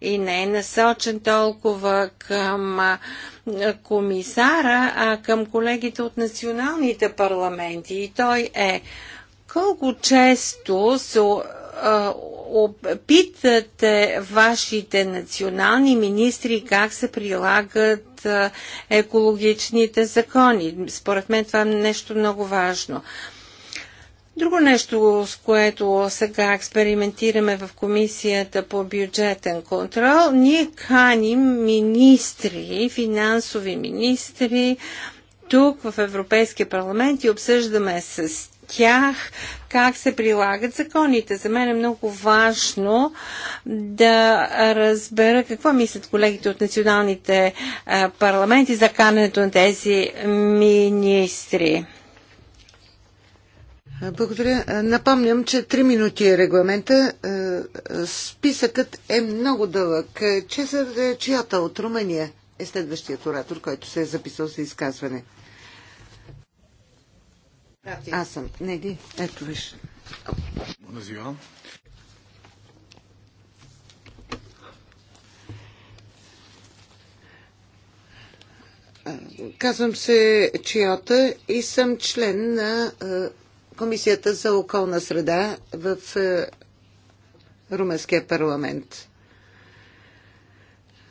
S3: и не е насочен толкова към комисара, а към колегите от националните парламенти. И той е колко често се опитате вашите национални министри как се прилагат екологичните закони. Според мен това е нещо много важно. Друго нещо, с което сега експериментираме в комисията по бюджетен контрол, ние каним министри, финансови министри, тук в Европейския парламент и обсъждаме с тях, как се прилагат законите. За мен е много важно да разбера какво мислят колегите от националните е, парламенти за карането на тези министри.
S2: Благодаря. Напомням, че 3 минути е регламента. Е, списъкът е много дълъг. Чезър Чията от Румъния е следващият оратор, който се е записал за изказване. Аз съм. Не, иди. Ето виж. Bună Казвам се Чиота и съм член на Комисията за околна среда в Румънския парламент.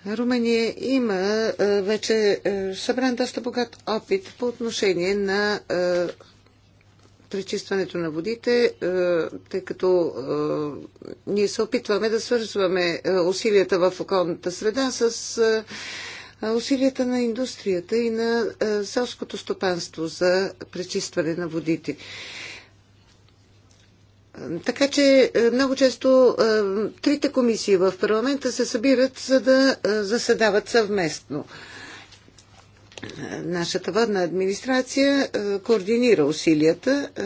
S2: Румъния има вече събран доста богат опит по отношение на пречистването на водите, е, тъй като е, ние се опитваме да свързваме е, усилията в околната среда с усилията на индустрията и на селското стопанство за пречистване на водите. Така че много често трите комисии в парламента се събират, за да заседават съвместно нашата водна администрация е, координира усилията е,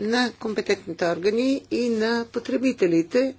S2: на компетентните органи и на потребителите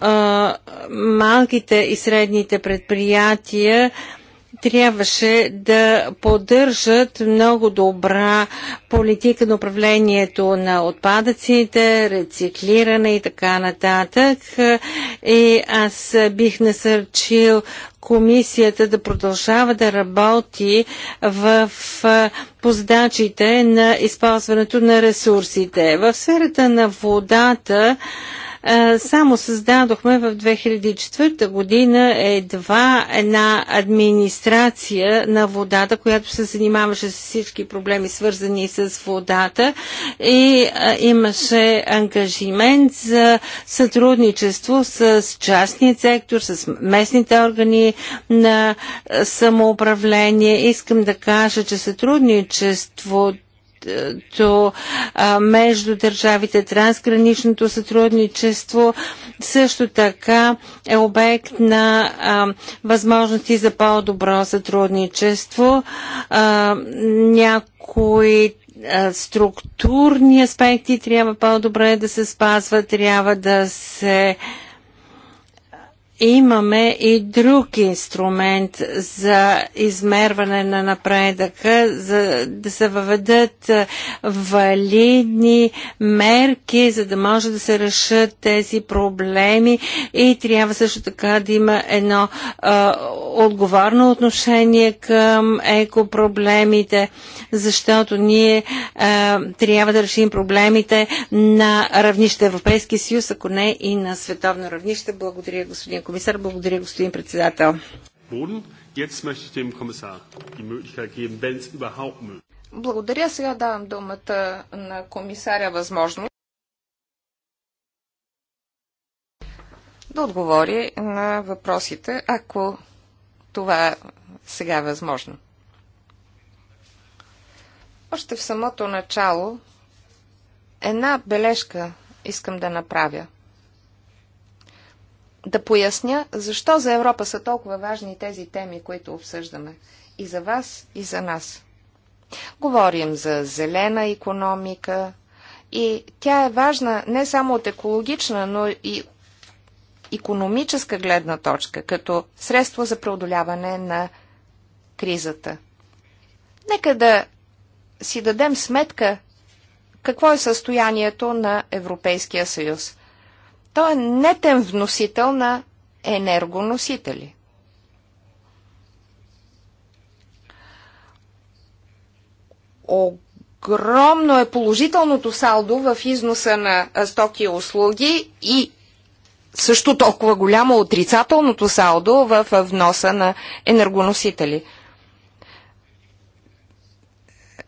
S3: а, малките и средните предприятия трябваше да поддържат много добра политика на управлението на отпадъците, рециклиране и така нататък. И аз бих насърчил комисията да продължава да работи в поздачите на използването на ресурсите. В сферата на водата само създадохме в 2004 година едва една администрация на водата, която се занимаваше с всички проблеми, свързани с водата и имаше ангажимент за сътрудничество с частния сектор, с местните органи на самоуправление. Искам да кажа, че сътрудничеството сътрудничеството между държавите, трансграничното сътрудничество също така е обект на възможности за по-добро сътрудничество. някои структурни аспекти трябва по-добре да се спазват, трябва да се Имаме и друг инструмент за измерване на напредъка, за да се въведат валидни мерки, за да може да се решат тези проблеми и трябва също така да има едно а, отговорно отношение към екопроблемите, защото ние а, трябва да решим проблемите на равнище Европейски съюз, ако не и на световно равнище. Благодаря, господин комисар. Благодаря, господин председател.
S1: Благодаря. Сега давам думата на комисаря възможно да отговори на въпросите, ако това сега е възможно. Още в самото начало една бележка искам да направя да поясня защо за Европа са толкова важни тези теми, които обсъждаме. И за вас, и за нас. Говорим за зелена економика и тя е важна не само от екологична, но и економическа гледна точка, като средство за преодоляване на кризата. Нека да си дадем сметка какво е състоянието на Европейския съюз – той е нетен вносител на енергоносители. Огромно е положителното салдо в износа на стоки и услуги и също толкова голямо отрицателното салдо в вноса на енергоносители.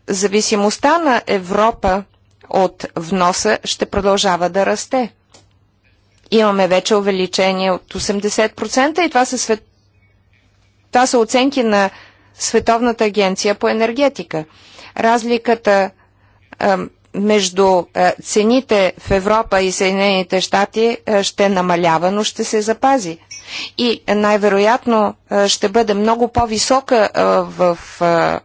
S1: Зависимостта на Европа от вноса ще продължава да расте. Имаме вече увеличение от 80% и това са, свет... това са оценки на Световната агенция по енергетика. Разликата а, между а, цените в Европа и Съединените щати ще намалява, но ще се запази. И най-вероятно ще бъде много по-висока в а,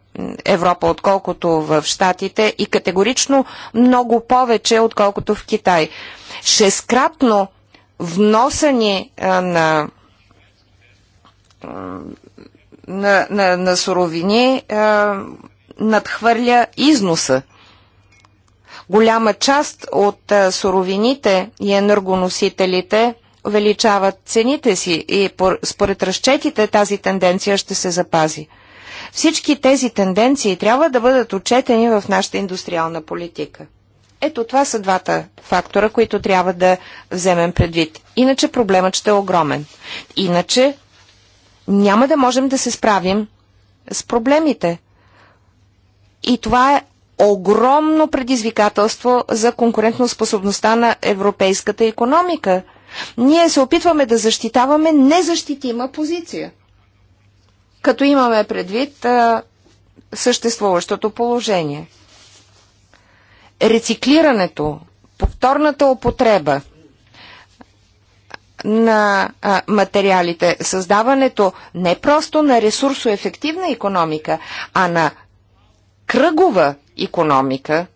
S1: Европа, отколкото в Штатите и категорично много повече, отколкото в Китай. Шесткратно вноса ни на, на, на, на суровини надхвърля износа. Голяма част от суровините и енергоносителите увеличават цените си и според разчетите тази тенденция ще се запази. Всички тези тенденции трябва да бъдат отчетени в нашата индустриална политика. Ето това са двата фактора, които трябва да вземем предвид. Иначе проблемът ще е огромен. Иначе няма да можем да се справим с проблемите. И това е огромно предизвикателство за конкурентоспособността на европейската економика. Ние се опитваме да защитаваме незащитима позиция, като имаме предвид а, съществуващото положение рециклирането, повторната употреба на а, материалите, създаването не просто на ресурсоефективна економика, а на кръгова економика,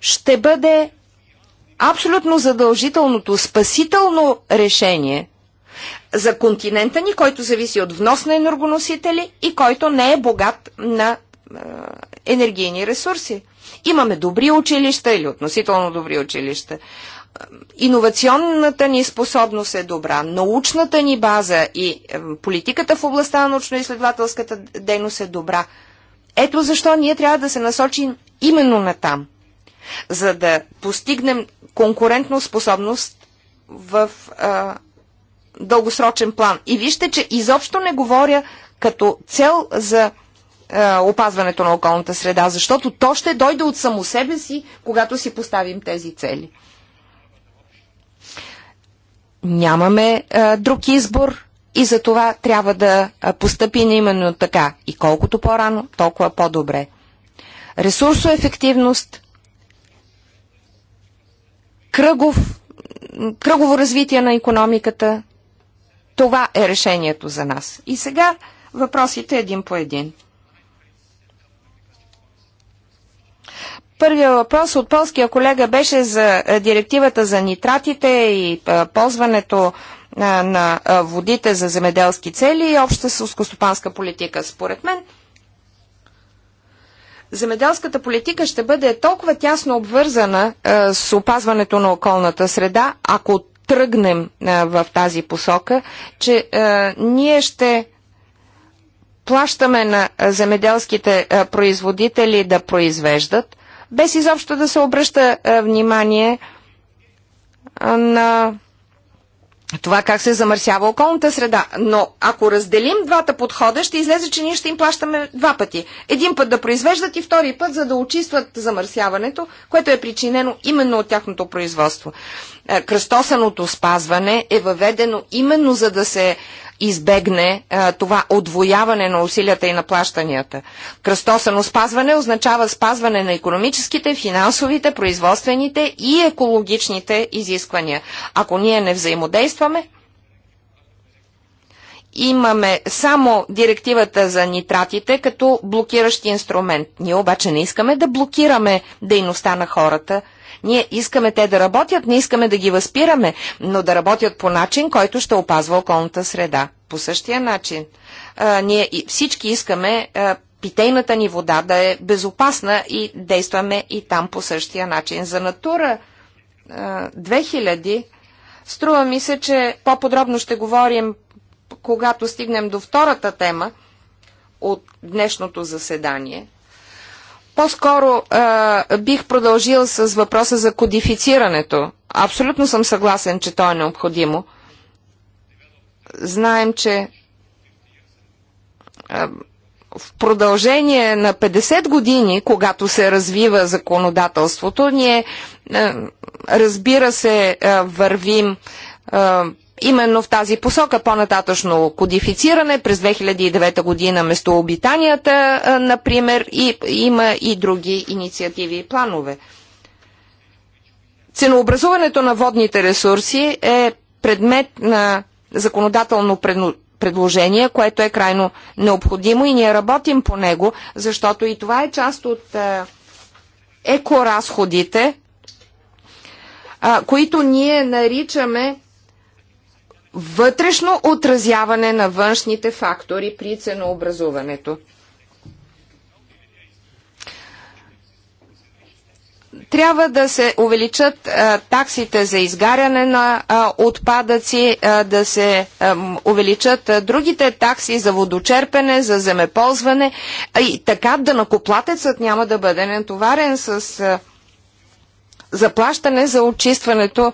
S1: ще бъде абсолютно задължителното спасително решение за континента ни, който зависи от внос на енергоносители и който не е богат на енергийни ресурси. Имаме добри училища или относително добри училища. Иновационната ни способност е добра, научната ни база и политиката в областта на научно-изследователската дейност е добра. Ето защо ние трябва да се насочим именно на там, за да постигнем конкурентна способност в а, дългосрочен план. И вижте, че изобщо не говоря като цел за е, опазването на околната среда, защото то ще дойде от само себе си, когато си поставим тези цели. Нямаме е, друг избор и за това трябва да е, постъпим именно така. И колкото по-рано, толкова по-добре. Ресурсоефективност, кръгов, кръгово развитие на економиката, това е решението за нас. И сега въпросите един по един. Първият въпрос от полския колега беше за е, директивата за нитратите и е, ползването е, на водите за земеделски цели и обща сълскостопанска политика. Според мен, земеделската политика ще бъде толкова тясно обвързана с опазването на околната среда, ако тръгнем в тази посока, че ние ще плащаме на земеделските производители да произвеждат, без изобщо да се обръща е, внимание е, на това как се замърсява околната среда. Но ако разделим двата подхода, ще излезе, че ние ще им плащаме два пъти. Един път да произвеждат и втори път, за да очистват замърсяването, което е причинено именно от тяхното производство. Е, кръстосаното спазване е въведено именно за да се избегне а, това отвояване на усилията и на плащанията. Кръстосано спазване означава спазване на економическите, финансовите, производствените и екологичните изисквания. Ако ние не взаимодействаме, имаме само директивата за нитратите като блокиращ инструмент. Ние обаче не искаме да блокираме дейността на хората – ние искаме те да работят, не искаме да ги възпираме, но да работят по начин, който ще опазва околната среда. По същия начин, а, ние всички искаме а, питейната ни вода да е безопасна и действаме и там по същия начин. За натура а, 2000 струва ми се, че по-подробно ще говорим, когато стигнем до втората тема от днешното заседание – по-скоро бих продължил с въпроса за кодифицирането. Абсолютно съм съгласен, че то е необходимо. Знаем, че а, в продължение на 50 години, когато се развива законодателството, ние, разбира се, вървим именно в тази посока по-нататъчно кодифициране през 2009 година местообитанията, например, и има и други инициативи и планове. Ценообразуването на водните ресурси е предмет на законодателно предложение, което е крайно необходимо и ние работим по него, защото и това е част от екоразходите, които ние наричаме вътрешно отразяване на външните фактори при ценообразуването. трябва да се увеличат а, таксите за изгаряне на а, отпадъци, а, да се а, увеличат а, другите такси за водочерпене, за земеползване а, и така да накоплатецът няма да бъде натоварен с а, заплащане за очистването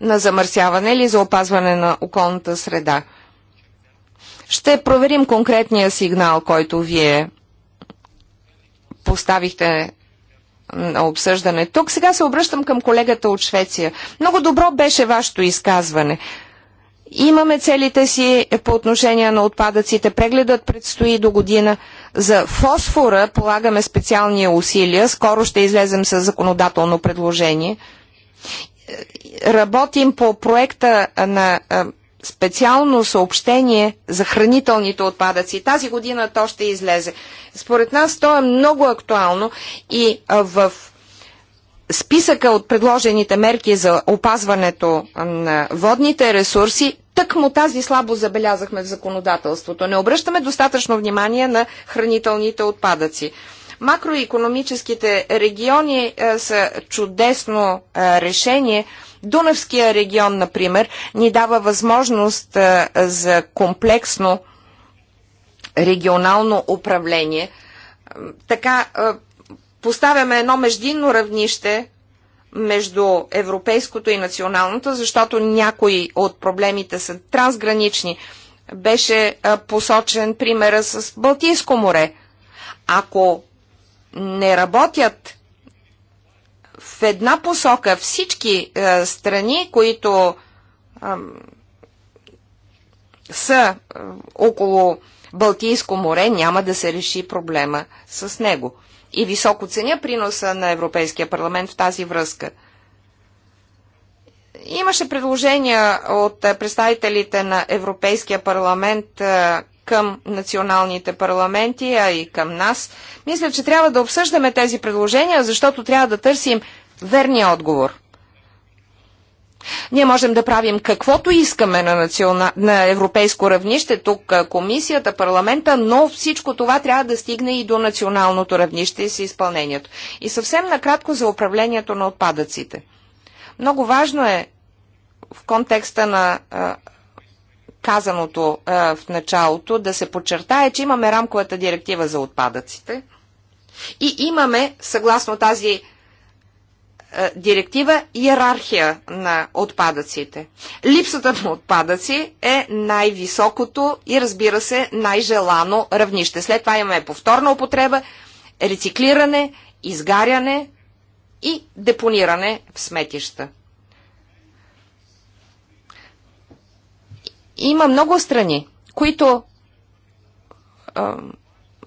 S1: на замърсяване или за опазване на околната среда. Ще проверим конкретния сигнал, който вие поставихте на обсъждане. Тук сега се обръщам към колегата от Швеция. Много добро беше вашето изказване. Имаме целите си по отношение на отпадъците. Прегледът предстои до година. За фосфора полагаме специални усилия. Скоро ще излезем с законодателно предложение работим по проекта на специално съобщение за хранителните отпадъци. Тази година то ще излезе. Според нас то е много актуално и в списъка от предложените мерки за опазването на водните ресурси, тъкмо тази слабо забелязахме в законодателството. Не обръщаме достатъчно внимание на хранителните отпадъци. Макроекономическите региони е, са чудесно е, решение. Дунавския регион, например, ни дава възможност е, за комплексно регионално управление. Така поставяме едно междинно равнище между европейското и националното, защото някои от проблемите са трансгранични. Беше посочен примера с Балтийско море. Ако не работят в една посока всички е, страни, които е, са е, около Балтийско море, няма да се реши проблема с него. И високо ценя приноса на Европейския парламент в тази връзка. Имаше предложения от е, представителите на Европейския парламент е, към националните парламенти, а и към нас. Мисля, че трябва да обсъждаме тези предложения, защото трябва да търсим верния отговор. Ние можем да правим каквото искаме на, национа... на европейско равнище, тук комисията, парламента, но всичко това трябва да стигне и до националното равнище и с изпълнението. И съвсем накратко за управлението на отпадъците. Много важно е в контекста на казаното а, в началото, да се подчертае, че имаме рамковата директива за отпадъците и имаме, съгласно тази а, директива, иерархия на отпадъците. Липсата на отпадъци е най-високото и, разбира се, най-желано равнище. След това имаме повторна употреба, рециклиране, изгаряне и депониране в сметища. Има много страни, които а,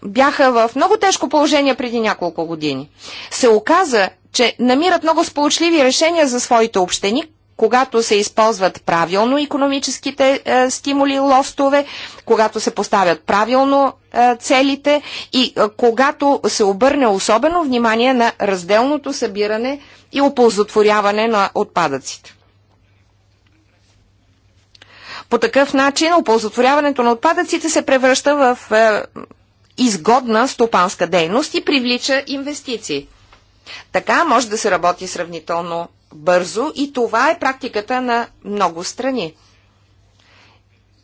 S1: бяха в много тежко положение преди няколко години. Се оказа, че намират много сполучливи решения за своите общени, когато се използват правилно економическите е, стимули, лостове, когато се поставят правилно е, целите и е, когато се обърне особено внимание на разделното събиране и оползотворяване на отпадъците. По такъв начин оползотворяването на отпадъците се превръща в е, изгодна стопанска дейност и привлича инвестиции. Така може да се работи сравнително бързо и това е практиката на много страни.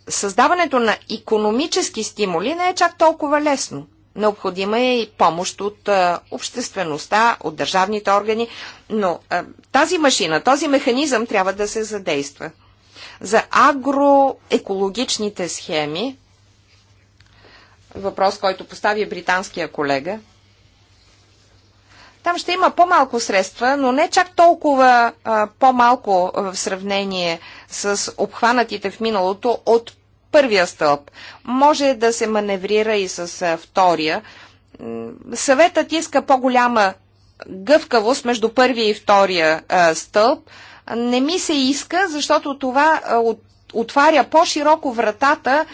S1: Създаването на економически стимули не е чак толкова лесно. Необходима е и помощ от а, е, обществеността, от държавните органи, но а, е, тази машина, този механизъм трябва да се задейства за агроекологичните схеми, въпрос, който постави британския колега, там ще има по-малко средства, но не чак толкова по-малко в сравнение с обхванатите в миналото от първия стълб. Може да се маневрира и с а, втория. Съветът иска по-голяма гъвкавост между първия и втория а, стълб, не ми се иска, защото това отваря по-широко вратата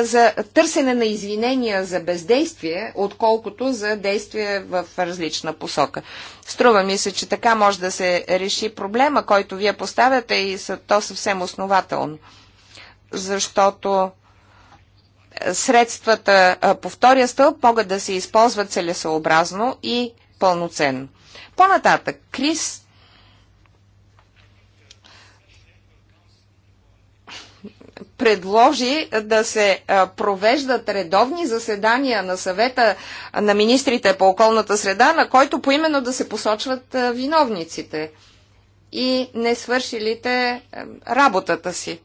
S1: за търсене на извинения за бездействие, отколкото за действие в различна посока. Струва ми се, че така може да се реши проблема, който вие поставяте и то съвсем основателно. Защото средствата по втория стълб могат да се използват целесообразно и пълноценно. По-нататък, Крис предложи да се провеждат редовни заседания на съвета на министрите по околната среда, на който поименно да се посочват виновниците и не свършилите работата си.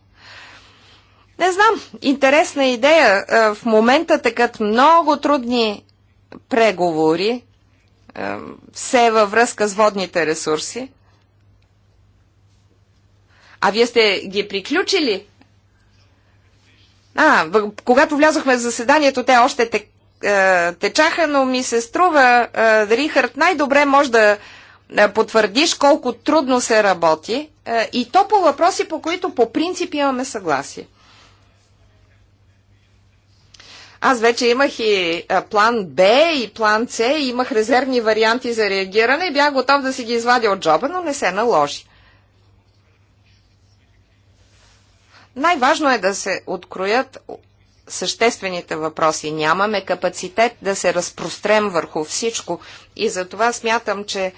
S1: Не знам, интересна идея. В момента такът много трудни преговори, все във връзка с водните ресурси. А вие сте ги приключили? А, когато влязохме в заседанието, те още те, е, течаха, но ми се струва, е, Рихард, най-добре може да е, потвърдиш колко трудно се работи е, и то по въпроси, по които по принцип имаме съгласие. Аз вече имах и е, план Б и план С, имах резервни варианти за реагиране и бях готов да си ги извадя от джоба, но не се наложи. Най-важно е да се откроят съществените въпроси. Нямаме капацитет да се разпрострем върху всичко и затова смятам, че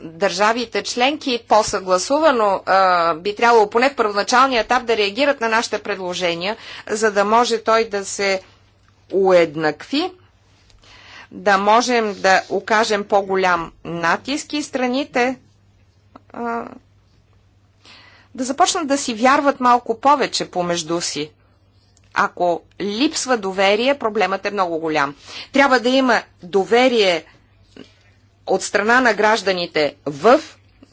S1: държавите членки по-съгласувано би трябвало поне в първоначалния етап да реагират на нашите предложения, за да може той да се уеднакви, да можем да окажем по-голям натиск и страните а, да започнат да си вярват малко повече помежду си. Ако липсва доверие, проблемът е много голям. Трябва да има доверие от страна на гражданите в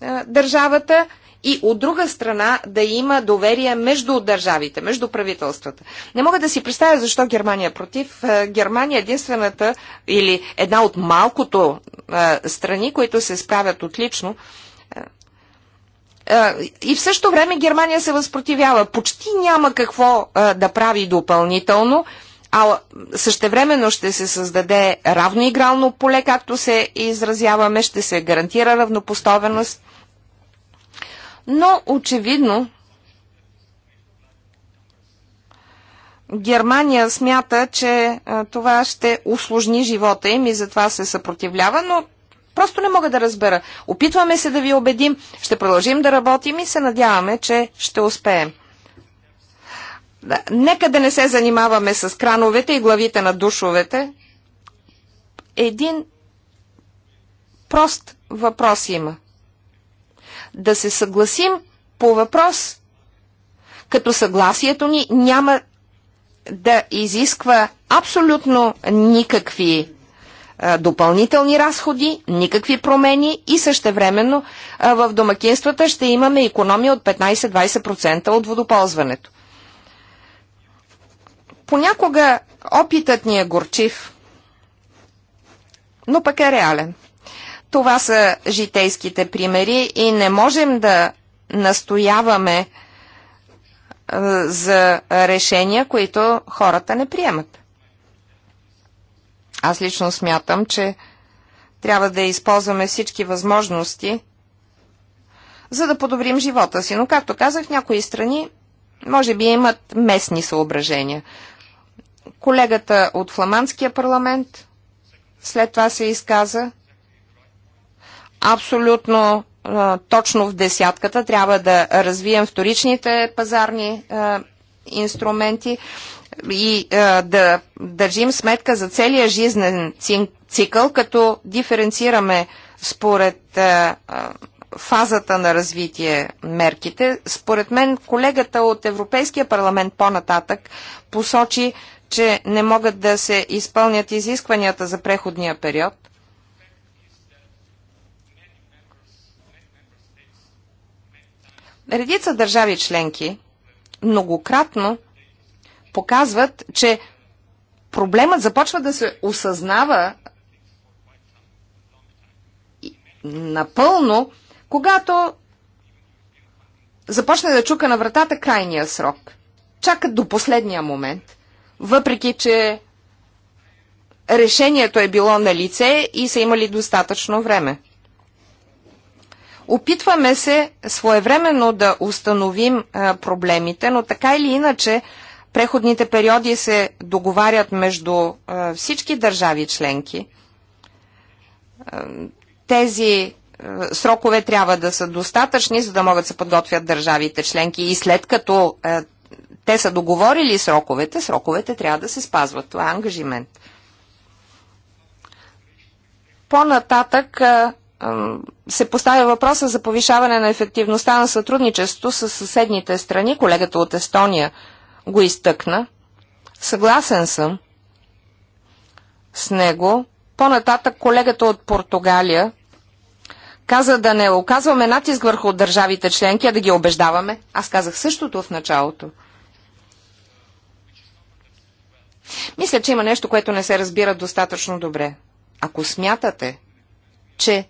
S1: а, държавата и от друга страна да има доверие между държавите, между правителствата. Не мога да си представя защо Германия е против. Германия е единствената или една от малкото страни, които се справят отлично и в същото време Германия се възпротивява. Почти няма какво да прави допълнително, а същевременно ще се създаде равно игрално поле, както се изразяваме, ще се гарантира равнопоставеност. Но очевидно Германия смята, че това ще усложни живота им и затова се съпротивлява, но Просто не мога да разбера. Опитваме се да ви убедим, ще продължим да работим и се надяваме, че ще успеем. Да, нека да не се занимаваме с крановете и главите на душовете. Един прост въпрос има. Да се съгласим по въпрос, като съгласието ни няма да изисква абсолютно никакви допълнителни разходи, никакви промени и същевременно в домакинствата ще имаме економия от 15-20% от водоползването. Понякога опитът ни е горчив, но пък е реален. Това са житейските примери и не можем да настояваме за решения, които хората не приемат. Аз лично смятам, че трябва да използваме всички възможности, за да подобрим живота си. Но, както казах, някои страни може би имат местни съображения. Колегата от фламандския парламент след това се изказа абсолютно а, точно в десятката. Трябва да развием вторичните пазарни а, инструменти и а, да държим сметка за целия жизнен цикъл, като диференцираме според а, фазата на развитие мерките. Според мен колегата от Европейския парламент по-нататък посочи, че не могат да се изпълнят изискванията за преходния период. Редица държави членки многократно показват, че проблемът започва да се осъзнава напълно, когато започне да чука на вратата крайния срок. Чакат до последния момент, въпреки че решението е било на лице и са имали достатъчно време. Опитваме се своевременно да установим проблемите, но така или иначе Преходните периоди се договарят между е, всички държави членки. Е, тези е, срокове трябва да са достатъчни, за да могат да се подготвят държавите членки и след като те са договорили сроковете, сроковете трябва да се спазват. Това е ангажимент. По-нататък се поставя въпроса за повишаване на ефективността на сътрудничеството с съседните страни. Колегата от Естония го изтъкна. Съгласен съм с него. По-нататък колегата от Португалия каза да не оказваме натиск върху държавите членки, а да ги убеждаваме. Аз казах същото в началото. Мисля, че има нещо, което не се разбира достатъчно добре. Ако смятате, че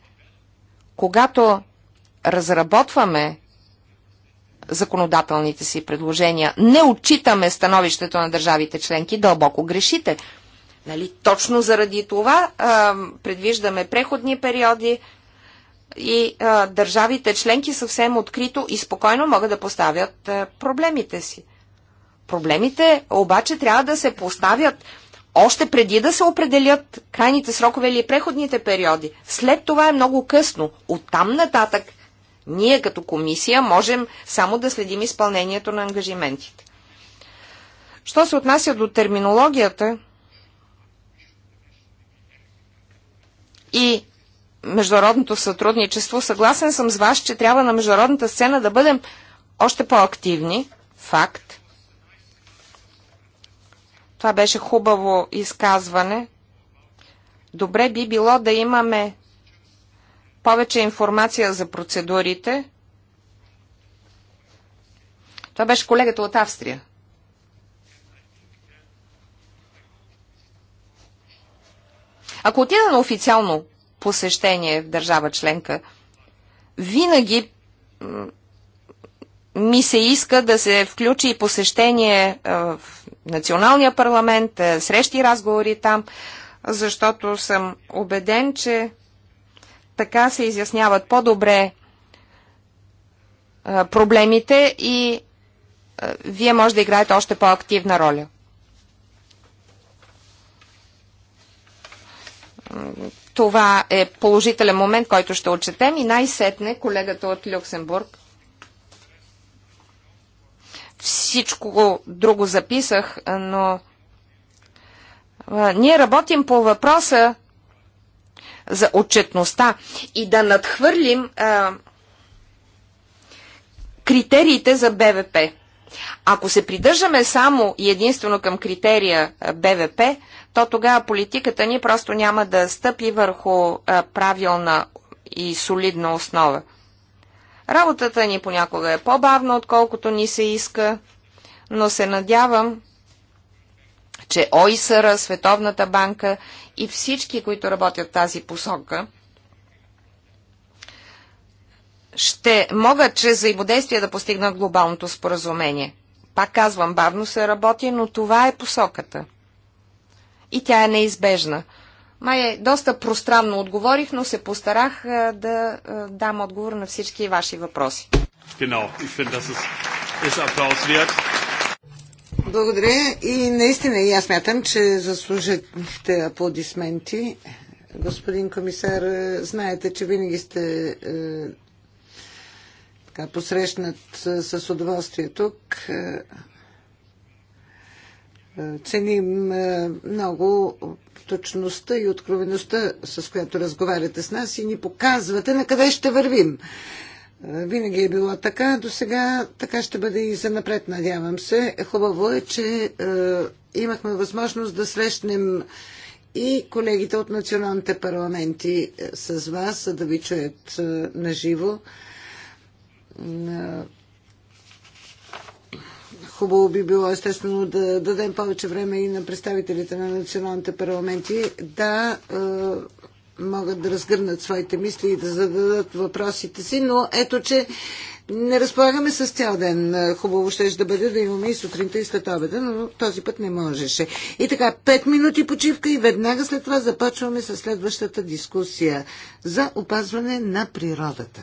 S1: когато разработваме законодателните си предложения не отчитаме становището на държавите членки, дълбоко грешите. Нали? Точно заради това а, предвиждаме преходни периоди и а, държавите членки съвсем открито и спокойно могат да поставят а, проблемите си. Проблемите обаче трябва да се поставят още преди да се определят крайните срокове или преходните периоди. След това е много късно. Оттам нататък ние като комисия можем само да следим изпълнението на ангажиментите. Що се отнася до терминологията и международното сътрудничество, съгласен съм с вас, че трябва на международната сцена да бъдем още по-активни. Факт. Това беше хубаво изказване. Добре би било да имаме повече информация за процедурите. Това беше колегата от Австрия. Ако отида на официално посещение в държава членка, винаги ми се иска да се включи посещение в националния парламент, срещи и разговори там, защото съм убеден, че така се изясняват по-добре проблемите и вие може да играете още по-активна роля. Това е положителен момент, който ще отчетем и най-сетне колегата от Люксембург. Всичко друго записах, но ние работим по въпроса за отчетността и да надхвърлим а, критериите за БВП. Ако се придържаме само и единствено към критерия БВП, то тогава политиката ни просто няма да стъпи върху правилна и солидна основа. Работата ни понякога е по-бавна, отколкото ни се иска, но се надявам, че ОИСР, Световната банка и всички, които работят в тази посока, ще могат чрез взаимодействие да постигнат глобалното споразумение. Пак казвам, бавно се работи, но това е посоката. И тя е неизбежна. Май е доста пространно отговорих, но се постарах да дам отговор на всички ваши
S2: въпроси. Genau,
S3: ich finde, das ist, ist Applaus wert.
S2: Благодаря и наистина и аз смятам, че заслужихте аплодисменти. Господин комисар, е, знаете, че винаги сте е, така, посрещнат е, с удоволствие тук. Е, ценим много точността и откровеността, с която разговаряте с нас и ни показвате на къде ще вървим. Винаги е било така, до сега така ще бъде и за напред, надявам се. Хубаво е, че е, имахме възможност да срещнем и колегите от националните парламенти е, с вас, за да ви чуят е, наживо. Е, хубаво би било, естествено, да дадем повече време и на представителите на националните парламенти да е, могат да разгърнат своите мисли и да зададат въпросите си, но ето, че не разполагаме с цял ден. Хубаво ще да бъде да имаме и сутринта и след обеда, но този път не можеше. И така, 5 минути почивка и веднага след това започваме с следващата дискусия за опазване на природата.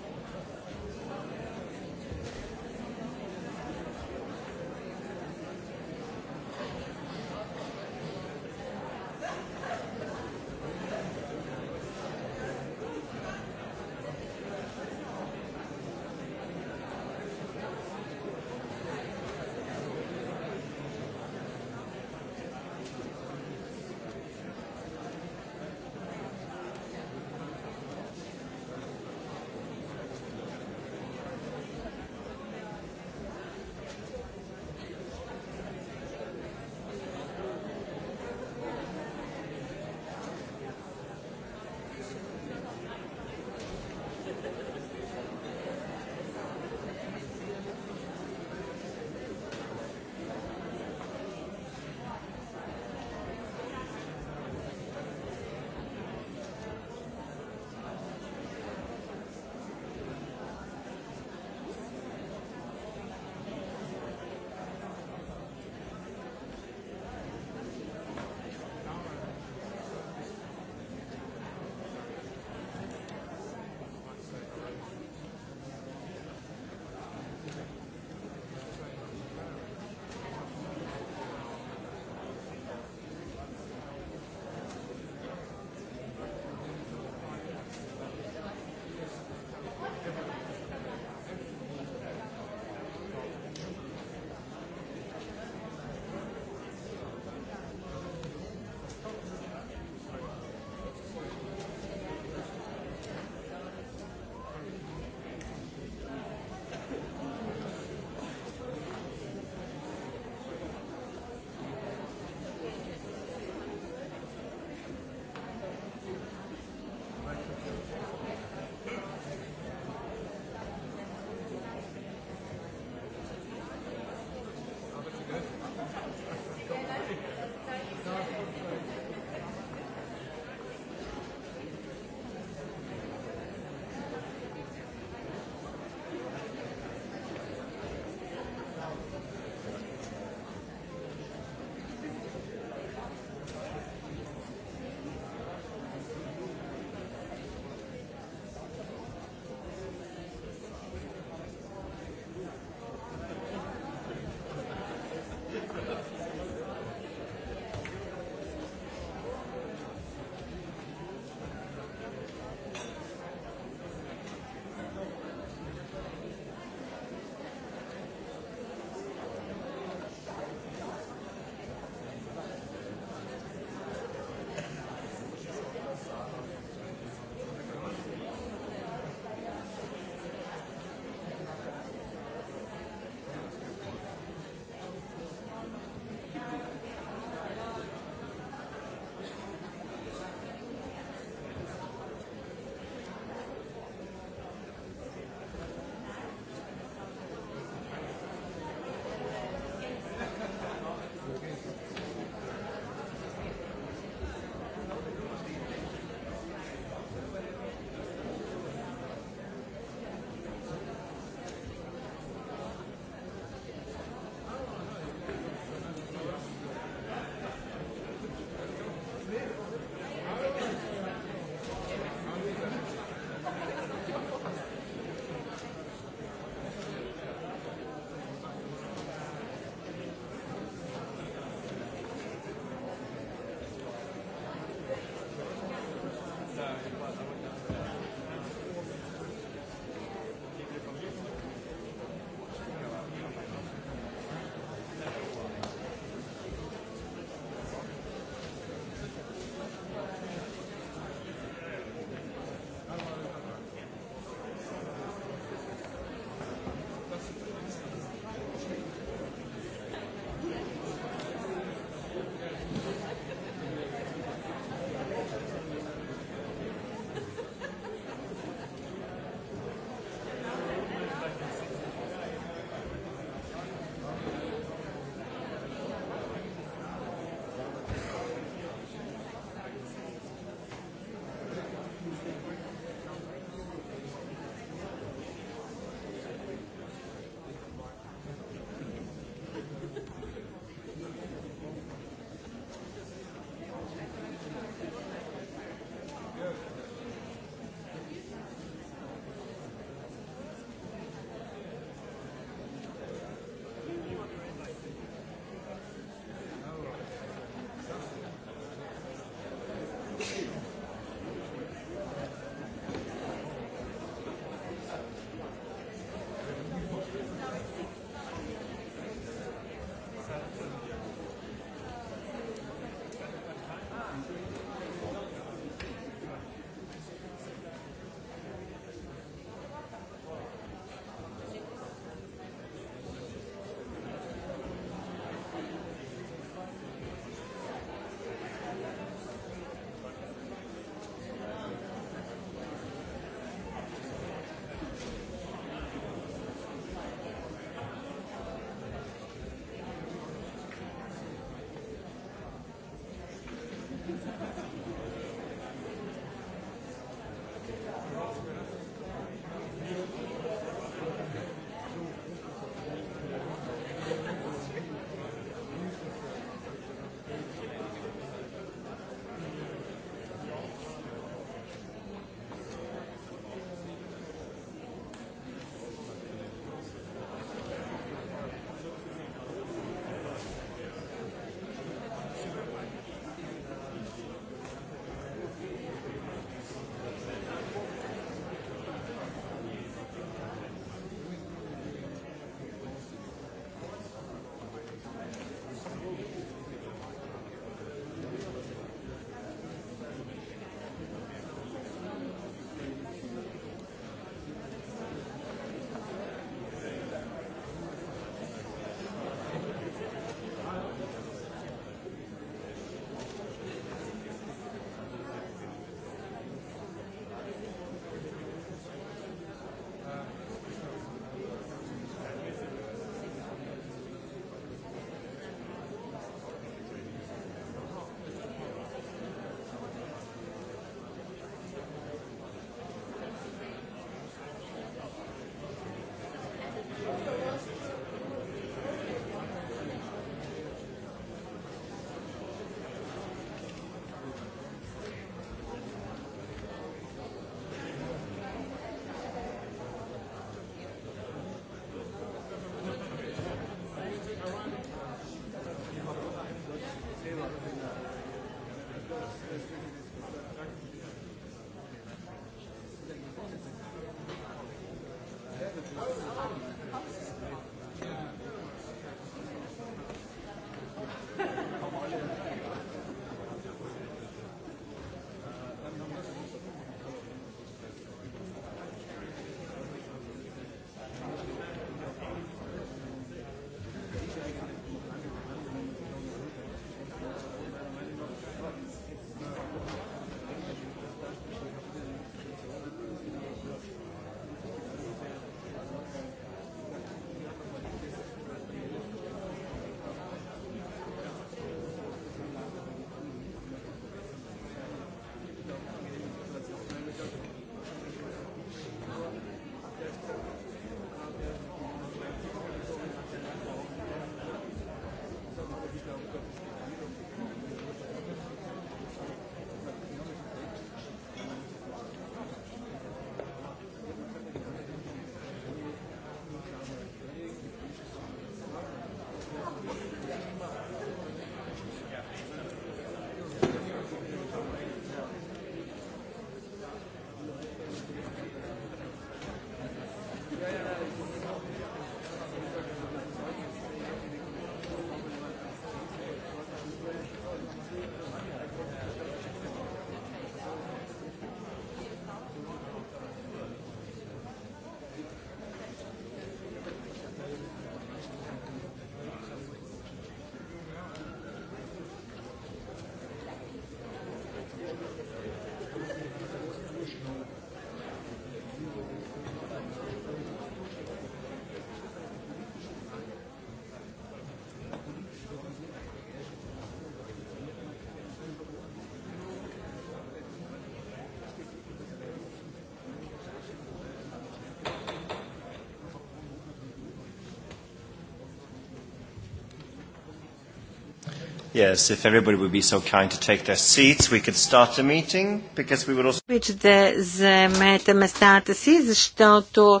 S1: Yes, if everybody would be so kind to take their seats, we could start the meeting because we would also...
S3: Обичате заемете местата си, защото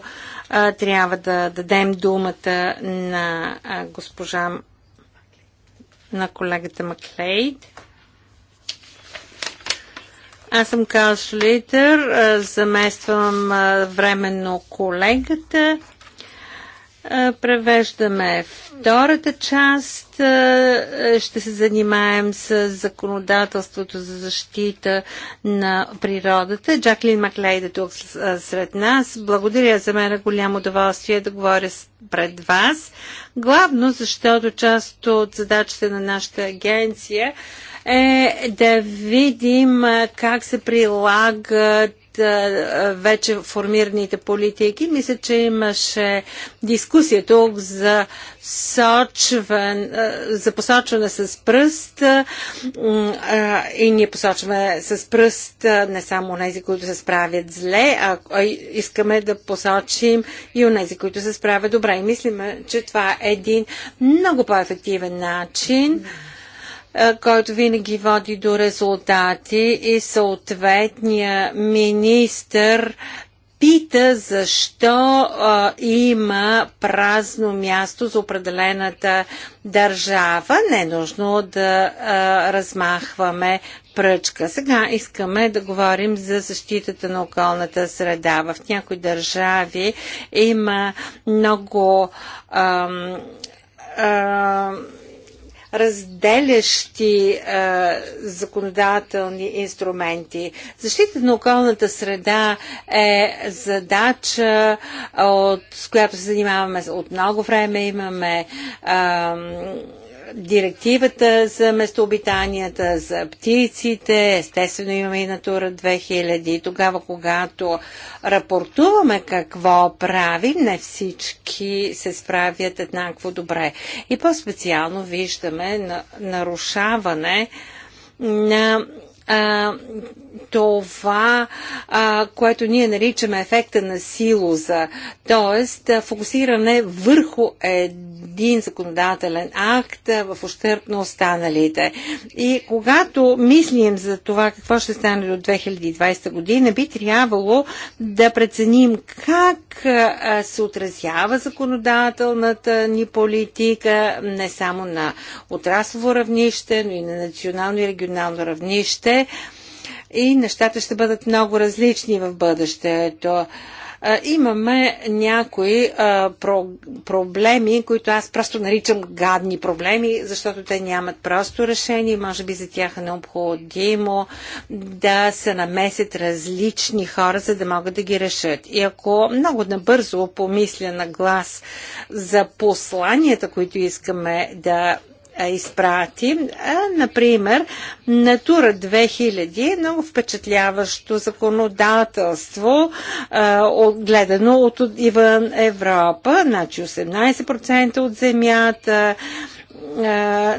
S3: а, трябва да дадем думата на а, госпожа на колегата Маклейд. Аз съм Карл Шлитър, замествам а, временно колегата. А, превеждаме в втората част ще се занимаем с законодателството за защита на природата. Джаклин Маклейд е тук сред нас. Благодаря за мен е голямо удоволствие да говоря пред вас. Главно, защото част от задачите на нашата агенция е да видим как се прилагат вече формираните политики. Мисля, че имаше дискусия тук за, сочвен, за посочване с пръст и ние посочваме с пръст не само тези, които се справят зле, а искаме да посочим и онези, които се справят добре. И мислиме, че това е един много по-ефективен начин. Mm-hmm е, който винаги води до резултати и съответния министър пита защо а, е, има празно място за определената държава. Не е нужно да а, е, размахваме пръчка. Сега искаме да говорим за защитата на околната среда. В някои държави има много. А, а, разделящи а, е, законодателни инструменти. Защита на околната среда е задача, от, с която се занимаваме от много време. Имаме а, директивата за местообитанията, за птиците, естествено имаме и Натура 2000. И тогава, когато рапортуваме какво правим, не всички се справят еднакво добре. И по-специално виждаме на, нарушаване на а, това, а, което ние наричаме ефекта на силоза, т.е. фокусиране върху едно един законодателен акт в ущърп на останалите. И когато мислим за това какво ще стане до 2020 година, би трябвало да преценим как се отразява законодателната ни политика не само на отраслово равнище, но и на национално и регионално равнище. И нещата ще бъдат много различни в бъдещето имаме някои а, про, проблеми, които аз просто наричам гадни проблеми, защото те нямат просто решение. Може би за тях е необходимо да се намесят различни хора, за да могат да ги решат. И ако много набързо помисля на глас за посланията, които искаме да Изпрати. А, например, Натура 2000 е много впечатляващо законодателство, а, гледано от извън Европа, значи 18% от земята,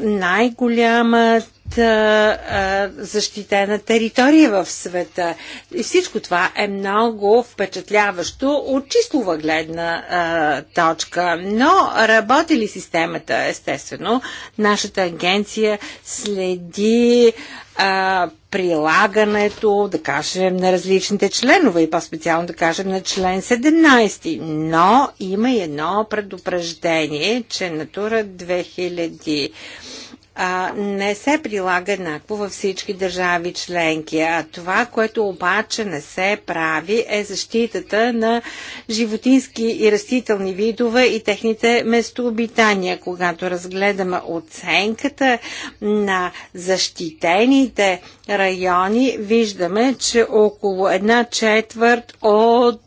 S3: най-голяма е, е, защитена територия в света. И всичко това е много впечатляващо от числова гледна а, е, точка. Но работи ли системата? Естествено, нашата агенция следи а, прилагането, да кажем, на различните членове и по-специално да кажем на член 17. Но има и едно предупреждение, че Натура 2000 а, не се прилага еднакво във всички държави членки. А това, което обаче не се прави, е защитата на животински и растителни видове и техните местообитания. Когато разгледаме оценката на защитените райони, виждаме, че около една четвърт от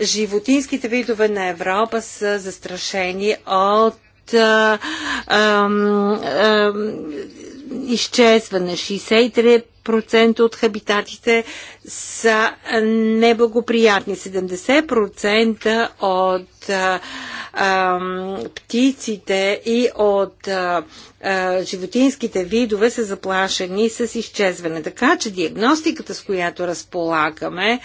S3: животинските видове на Европа са застрашени от а, а, а, изчезване. 63% от хабитатите са неблагоприятни. 70% от а, а, птиците и от а, а, животинските видове са заплашени с изчезване. Така че диагностиката, с която разполагаме,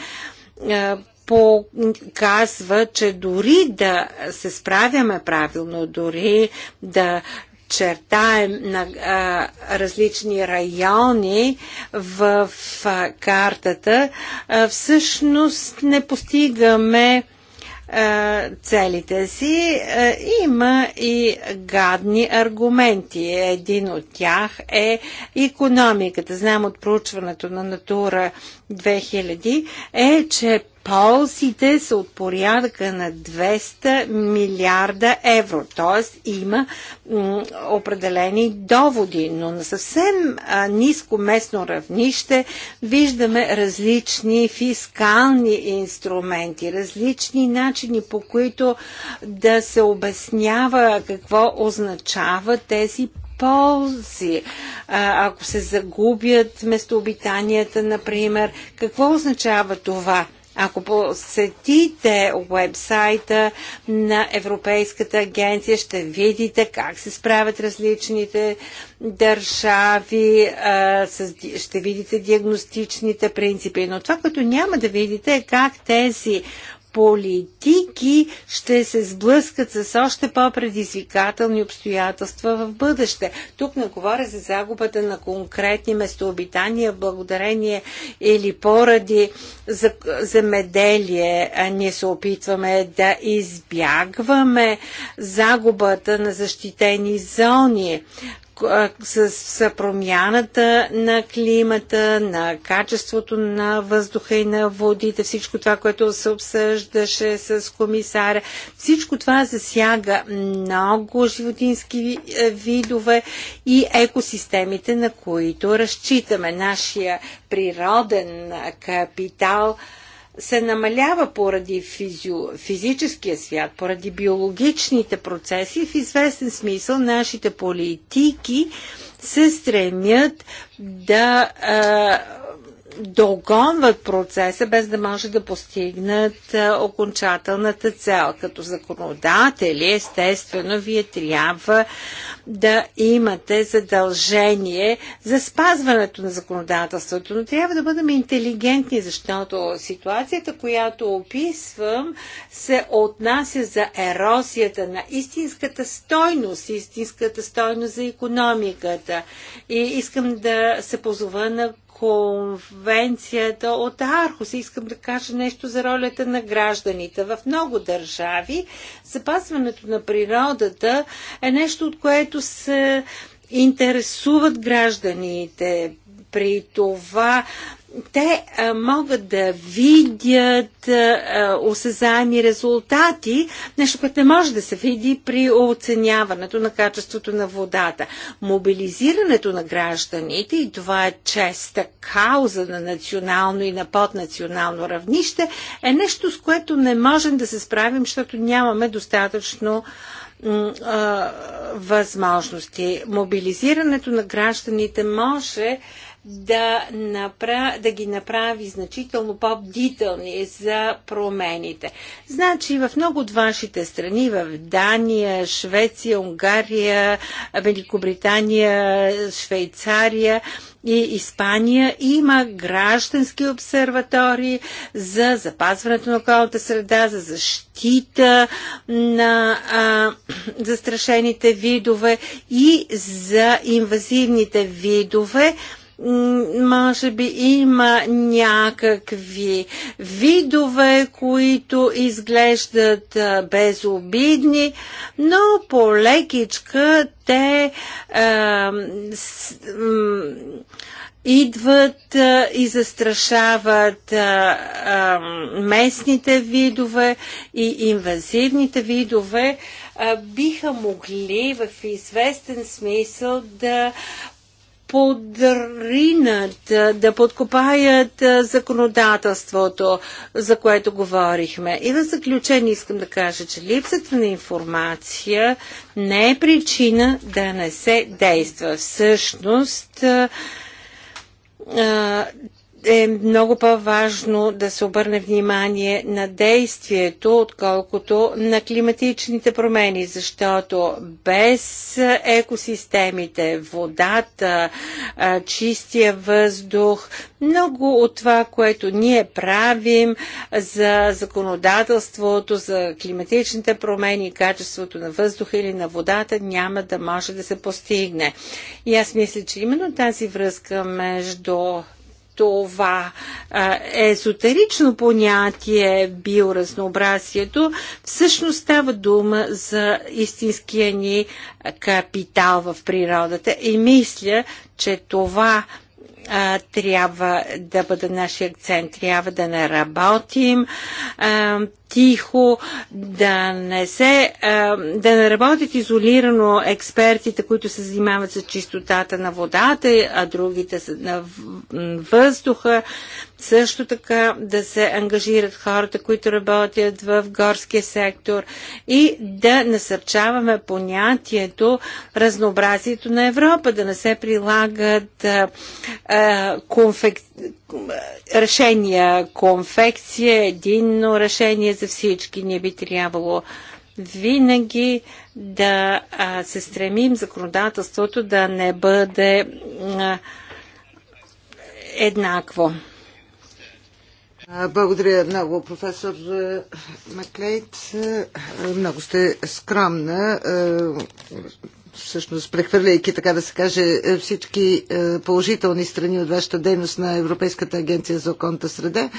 S3: показва, че дори да се справяме правилно, дори да чертаем на а, различни райони в а, картата, а, всъщност не постигаме целите си, има и гадни аргументи. Един от тях е економиката. Знам от проучването на Натура 2000 е, че ползите са от порядъка на 200 милиарда евро. Т.е. има определени доводи, но на съвсем ниско местно равнище виждаме различни фискални инструменти, различни начини по които да се обяснява какво означава тези ползи, ако се загубят местообитанията, например. Какво означава това? Ако посетите вебсайта на Европейската агенция, ще видите как се справят различните държави, ще видите диагностичните принципи. Но това, което няма да видите е как тези политики ще се сблъскат с още по-предизвикателни обстоятелства в бъдеще. Тук не говоря за загубата на конкретни местообитания благодарение или поради земеделие. Ние се опитваме да избягваме загубата на защитени зони с, промяната на климата, на качеството на въздуха и на водите, всичко това, което се обсъждаше с комисаря. Всичко това засяга много животински видове и екосистемите, на които разчитаме. Нашия природен капитал – се намалява поради физи... физическия свят, поради биологичните процеси. В известен смисъл нашите политики се стремят да а, догонват процеса, без да може да постигнат окончателната цел. Като законодатели, естествено, вие трябва да имате задължение за спазването на законодателството, но трябва да бъдем интелигентни, защото ситуацията, която описвам, се отнася за ерозията на истинската стойност, истинската стойност за економиката. И искам да се позова на конвенцията от Архус. Искам да кажа нещо за ролята на гражданите. В много държави запазването на природата е нещо, от което се интересуват гражданите при това те а, могат да видят а, осезаеми резултати, нещо, което не може да се види при оценяването на качеството на водата. Мобилизирането на гражданите, и това е честа кауза на национално и на поднационално равнище, е нещо, с което не можем да се справим, защото нямаме достатъчно а, възможности. Мобилизирането на гражданите може да, напра... да ги направи значително по-бдителни за промените. Значи в много от вашите страни, в Дания, Швеция, Унгария, Великобритания, Швейцария, и Испания има граждански обсерватории за запазването на околната среда, за защита на а, застрашените видове и за инвазивните видове може би има някакви видове, които изглеждат безобидни, но по лекичка те е, с, е, идват е, и застрашават е, е, местните видове и инвазивните видове биха могли в известен смисъл да подринат, да подкопаят законодателството, за което говорихме. И в заключение искам да кажа, че липсата на информация не е причина да не се действа. Всъщност, е много по-важно да се обърне внимание на действието, отколкото на климатичните промени, защото без екосистемите, водата, чистия въздух, много от това, което ние правим за законодателството, за климатичните промени, качеството на въздуха или на водата, няма да може да се постигне. И аз мисля, че именно тази връзка между това езотерично понятие биоразнообразието, всъщност става дума за истинския ни капитал в природата. И мисля, че това а, трябва да бъде нашия акцент. Трябва да не работим а, тихо, да не, се, а, да не работят изолирано експертите, които се занимават с чистотата на водата, а другите на въздуха също така да се ангажират хората, които работят в горския сектор и да насърчаваме понятието разнообразието на Европа, да не се прилагат а, а, конфек... решения, конфекция, единно решение за всички. Ние би трябвало винаги да а, се стремим законодателството да не бъде а, еднакво.
S2: Благодаря много, професор Маклейт. Много сте скромна, всъщност прехвърляйки, така да се каже, всички положителни страни от вашата дейност на Европейската агенция за околната среда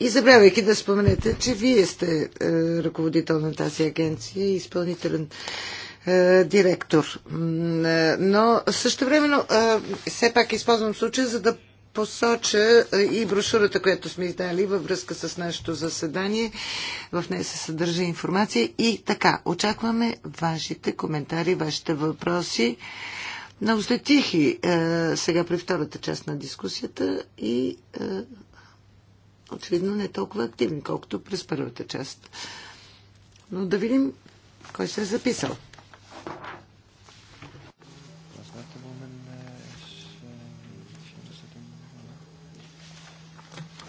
S2: и забравяйки да споменете, че вие сте ръководител на тази агенция и изпълнителен директор. Но също времено, все пак използвам случая, за да посоча и брошурата, която сме издали във връзка с нашето заседание. В нея се съдържа информация. И така, очакваме вашите коментари, вашите въпроси. На усетихи тихи е, сега при втората част на дискусията и е, очевидно не толкова активни, колкото през първата част. Но да видим кой се е записал.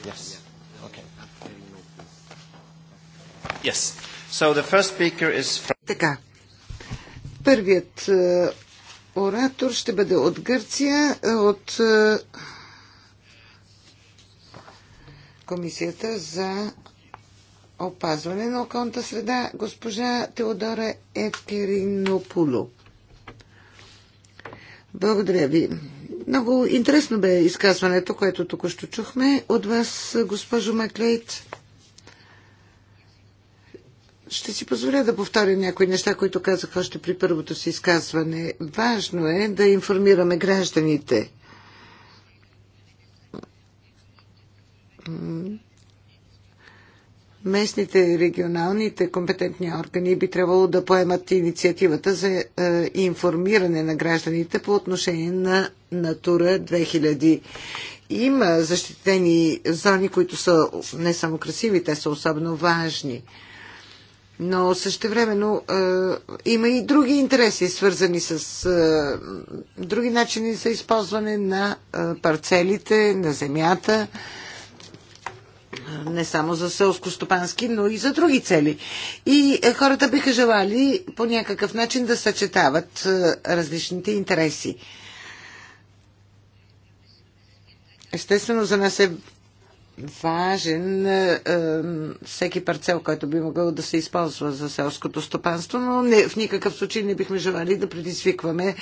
S1: Yes. Okay. Yes. So the first speaker is from...
S2: Така. Първият е, оратор ще бъде от Гърция, е, от е, Комисията за опазване на околната среда, госпожа Теодора Евкеринопуло. Благодаря ви. Много интересно бе изказването, което тук ще чухме от вас, госпожо Маклейт. Ще си позволя да повторя някои неща, които казах още при първото си изказване. Важно е да информираме гражданите местните, регионалните компетентни органи би трябвало да поемат инициативата за е, информиране на гражданите по отношение на Натура 2000. Има защитени зони, които са не само красиви, те са особено важни. Но същевременно е, има и други интереси, свързани с е, други начини за използване на е, парцелите, на земята. Е, не само за селско-стопански, но и за други цели. И е, хората биха желали по някакъв начин да съчетават е, различните интереси. Естествено, за нас е важен е, е, всеки парцел, който би могъл да се използва за селското стопанство, но не, в никакъв случай не бихме желали да предизвикваме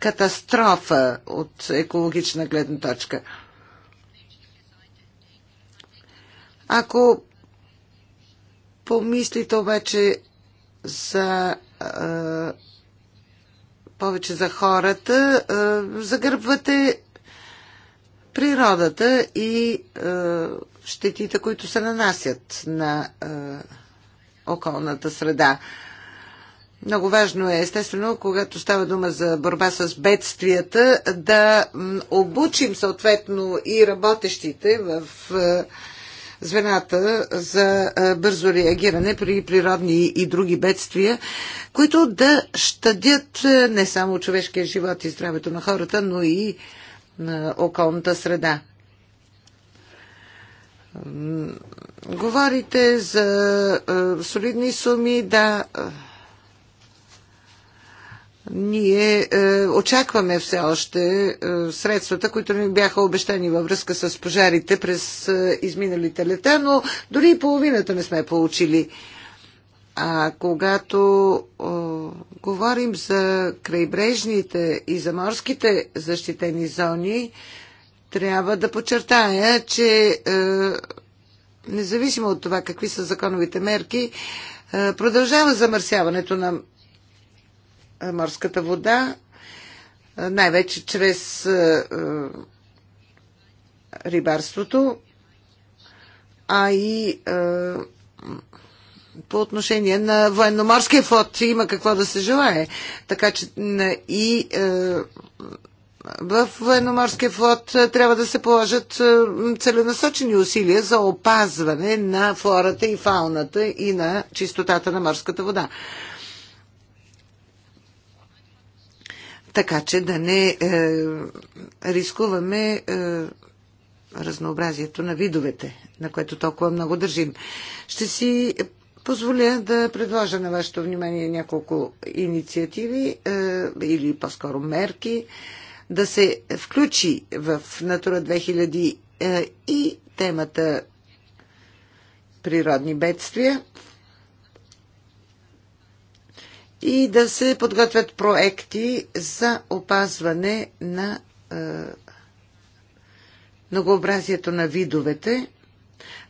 S2: катастрофа от екологична гледна точка. Ако помислите обаче за а, повече за хората, а, загърбвате природата и а, щетите, които се нанасят на а, околната среда. Много важно е, естествено, когато става дума за борба с бедствията, да обучим съответно и работещите в а, звената за бързо реагиране при природни и други бедствия, които да щадят не само човешкия живот и здравето на хората, но и на околната среда. Говорите за солидни суми, да. Ние е, очакваме все още е, средствата, които ни бяха обещани във връзка с пожарите през е, изминалите лета, но дори и половината не сме получили. А когато е, говорим за крайбрежните и за морските защитени зони, трябва да подчертая, че е, независимо от това какви са законовите мерки, е, продължава замърсяването на е, морската вода, е, най-вече чрез е, рибарството, а и по отношение на военноморския флот има какво да се желае. Така че и в военноморския флот трябва да се положат целенасочени усилия за опазване на флората и фауната и на чистотата на морската вода. така че да не е, рискуваме е, разнообразието на видовете, на което толкова много държим. Ще си позволя да предложа на вашето внимание няколко инициативи е, или по-скоро мерки да се включи в Натура 2000 е, и темата природни бедствия и да се подготвят проекти за опазване на е, многообразието на видовете,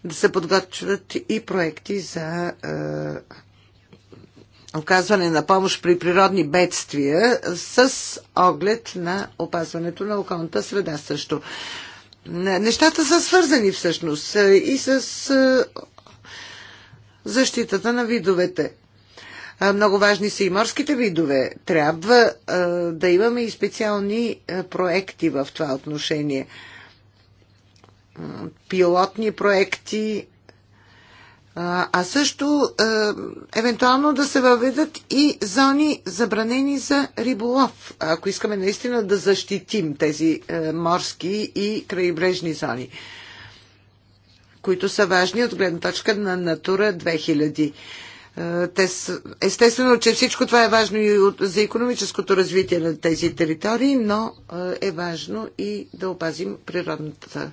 S2: да се подготвят и проекти за е, оказване на помощ при природни бедствия с оглед на опазването на околната среда също. Нещата са свързани всъщност е, и с е, защитата на видовете. Много важни са и морските видове. Трябва да имаме и специални проекти в това отношение. Пилотни проекти, а също евентуално да се въведат и зони забранени за риболов, ако искаме наистина да защитим тези морски и крайбрежни зони, които са важни от гледна точка на Натура 2000. Е, естествено, че всичко това е важно и за економическото развитие на тези територии, но е, е важно и да опазим природната.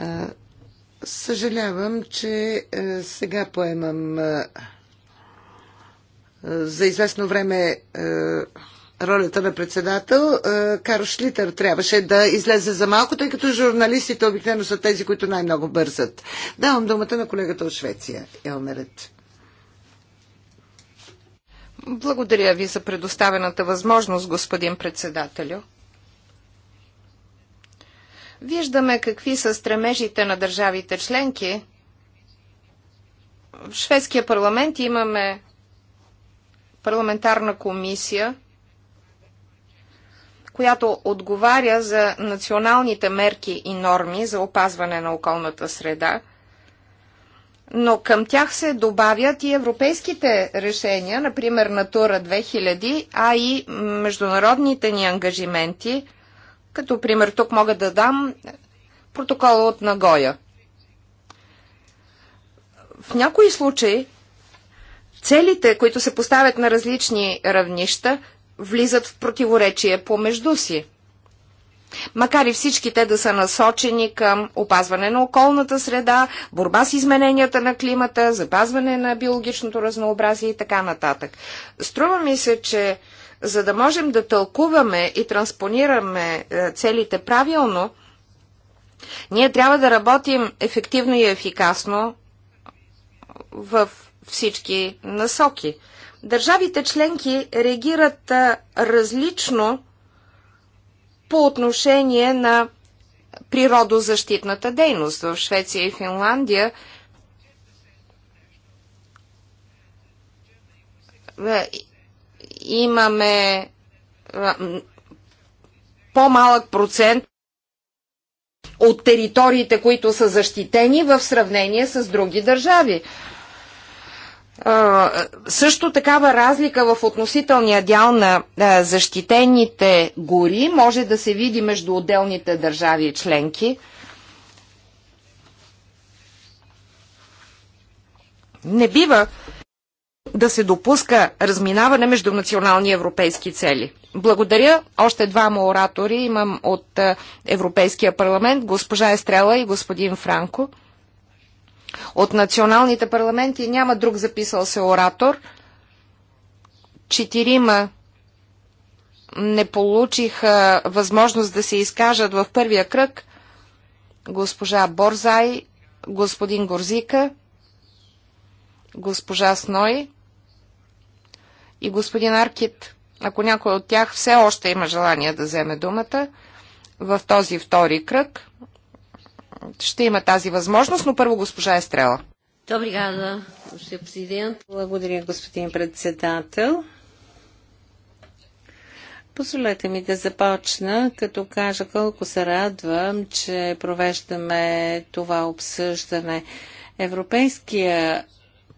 S2: Е, съжалявам, че сега поемам за известно време ролята на председател. Е, Каро Шлитър трябваше да излезе за малко, тъй като журналистите обикновено са тези, които най-много бързат. Давам думата на колегата от Швеция, Елмерет.
S1: Благодаря ви за предоставената възможност, господин председателю. Виждаме какви са стремежите на държавите членки. В шведския парламент имаме парламентарна комисия, която отговаря за националните мерки и норми за опазване на околната среда, но към тях се добавят и европейските решения, например Натура 2000, а и международните ни ангажименти, като пример тук мога да дам протокола от Нагоя. В някои случаи целите, които се поставят на различни равнища, влизат в противоречие помежду си. Макар и всички те да са насочени към опазване на околната среда, борба с измененията на климата, запазване на биологичното разнообразие и така нататък. Струва ми се, че за да можем да тълкуваме и транспонираме е, целите правилно, ние трябва да работим ефективно и ефикасно в всички насоки. Държавите членки реагират различно по отношение на природозащитната дейност. В Швеция и Финландия имаме по-малък процент от териториите, които са защитени в сравнение с други държави също такава разлика в относителния дял на защитените гори може да се види между отделните държави и членки. Не бива да се допуска разминаване между национални и европейски цели. Благодаря още двама оратори имам от Европейския парламент, госпожа Естрела и господин Франко. От националните парламенти няма друг записал се оратор. Четирима не получиха възможност да се изкажат в първия кръг. Госпожа Борзай, господин Горзика, госпожа Сной и господин Аркит. Ако някой от тях все още има желание да вземе думата в този втори кръг, ще има тази възможност, но първо госпожа Естрела.
S3: Добре, Благодаря, господин председател. Позволете ми да започна, като кажа колко се радвам, че провеждаме това обсъждане. Европейския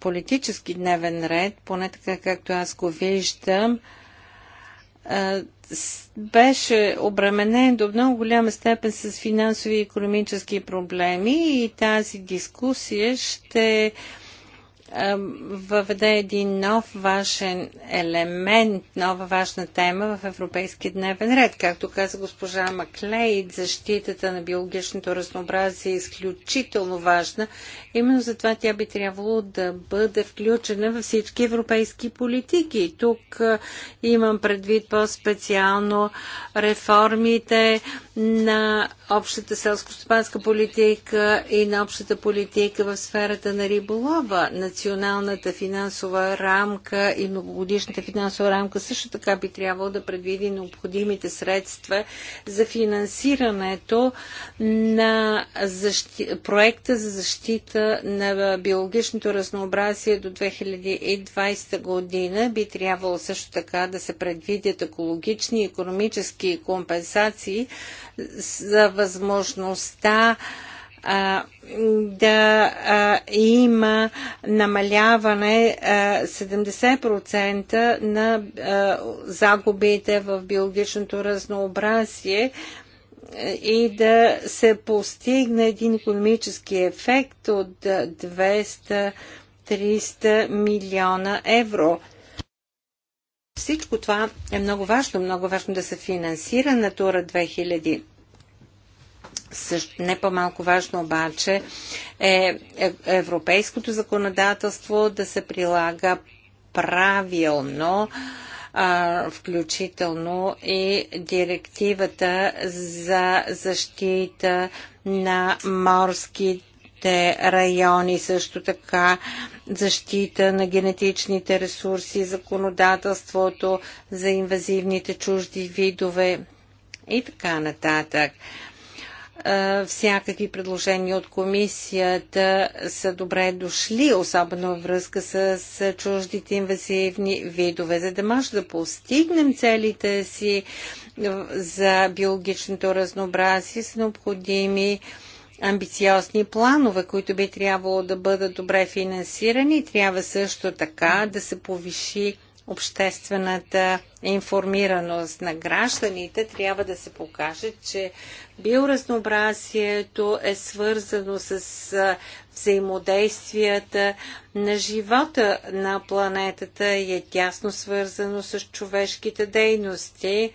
S3: политически дневен ред, поне така както аз го виждам, беше обременен до много голяма степен с финансови и економически проблеми и тази дискусия ще въведе един нов важен елемент, нова важна тема в Европейския дневен ред. Както каза госпожа Маклейд, защитата на биологичното разнообразие е изключително важна. Именно затова тя би трябвало да бъде включена във всички европейски политики. Тук имам предвид по-специално реформите на общата селско-стопанска политика и на общата политика в сферата на риболова. Националната финансова рамка и многогодишната финансова рамка също така би трябвало да предвиди необходимите средства за финансирането на защи... проекта за защита на биологичното разнообразие до 2020 година. Би трябвало също така да се предвидят екологични и економически компенсации, за възможността да има намаляване 70% на загубите в биологичното разнообразие и да се постигне един економически ефект от 200-300 милиона евро. Всичко това е много важно, много важно да се финансира Натура 2000. Също, не по-малко важно обаче е, е европейското законодателство да се прилага правилно, а, включително и директивата за защита на морските горските райони, също така защита на генетичните ресурси, законодателството за инвазивните чужди видове и така нататък всякакви предложения от комисията са добре дошли, особено във връзка с чуждите инвазивни видове. За да може да постигнем целите си за биологичното разнообразие са необходими амбициозни планове, които би трябвало да бъдат добре финансирани. Трябва също така да се повиши обществената информираност на гражданите. Трябва да се покаже, че биоразнообразието е свързано с взаимодействията на живота на планетата и е тясно свързано с човешките дейности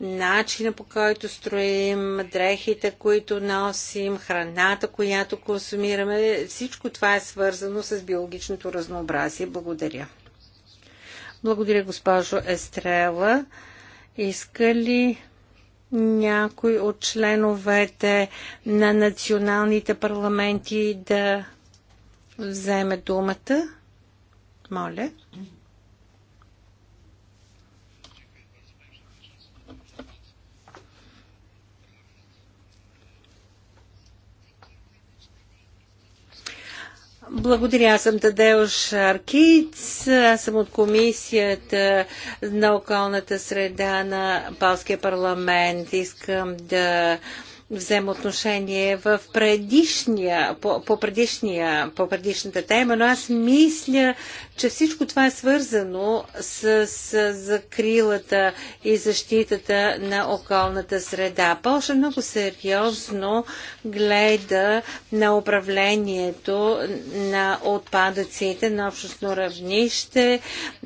S3: начина по който строим, дрехите, които носим, храната, която консумираме, всичко това е свързано с биологичното разнообразие. Благодаря. Благодаря, госпожо Естрела. Иска ли някой от членовете на националните парламенти да вземе думата? Моля. Благодаря, аз съм Тадео Шаркиц, аз съм от комисията на околната среда на Палския парламент. Искам да взема отношение в предишния, по, по, предишния, по предишната тема, но аз мисля, че всичко това е свързано с, с закрилата и защитата на околната среда. Польша много сериозно гледа на управлението на отпадъците на общностно равнище.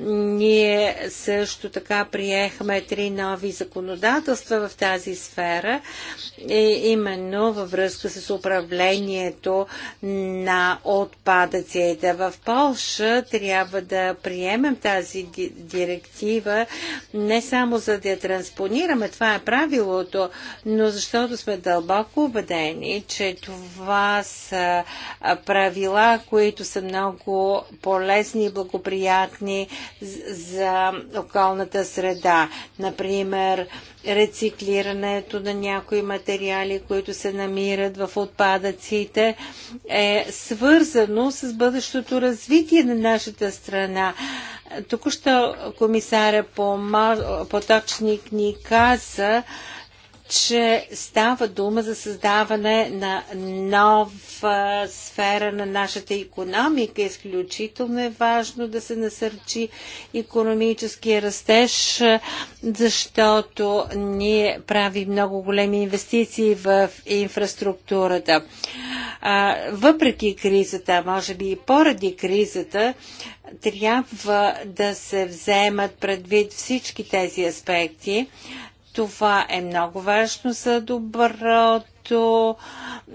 S3: Ние също така приехме три нови законодателства в тази сфера, и именно във връзка с управлението на отпадъците. В Польша трябва трябва да приемем тази директива не само за да я транспонираме, това е правилото, но защото сме дълбоко убедени, че това са правила, които са много полезни и благоприятни за околната среда. Например, рециклирането на някои материали, които се намират в отпадъците, е свързано с бъдещото развитие на нашата страна. Току-що комисаря по, Поточник ни каза, че става дума за създаване на нова сфера на нашата економика. Изключително е важно да се насърчи економическия растеж, защото ние правим много големи инвестиции в инфраструктурата. Въпреки кризата, може би и поради кризата, трябва да се вземат предвид всички тези аспекти. Това е много важно за доброто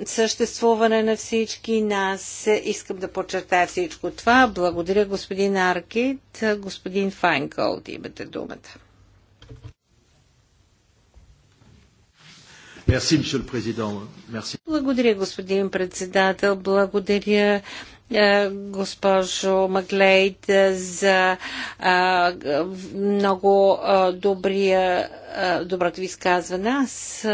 S3: съществуване на всички нас. Искам да подчертая всичко това. Благодаря господин Аркит. Господин Файнголд, имате думата. Благодаря, господин председател. Благодаря е, госпожо Маглейд, е, за е, много добрия, доброто изказване. Аз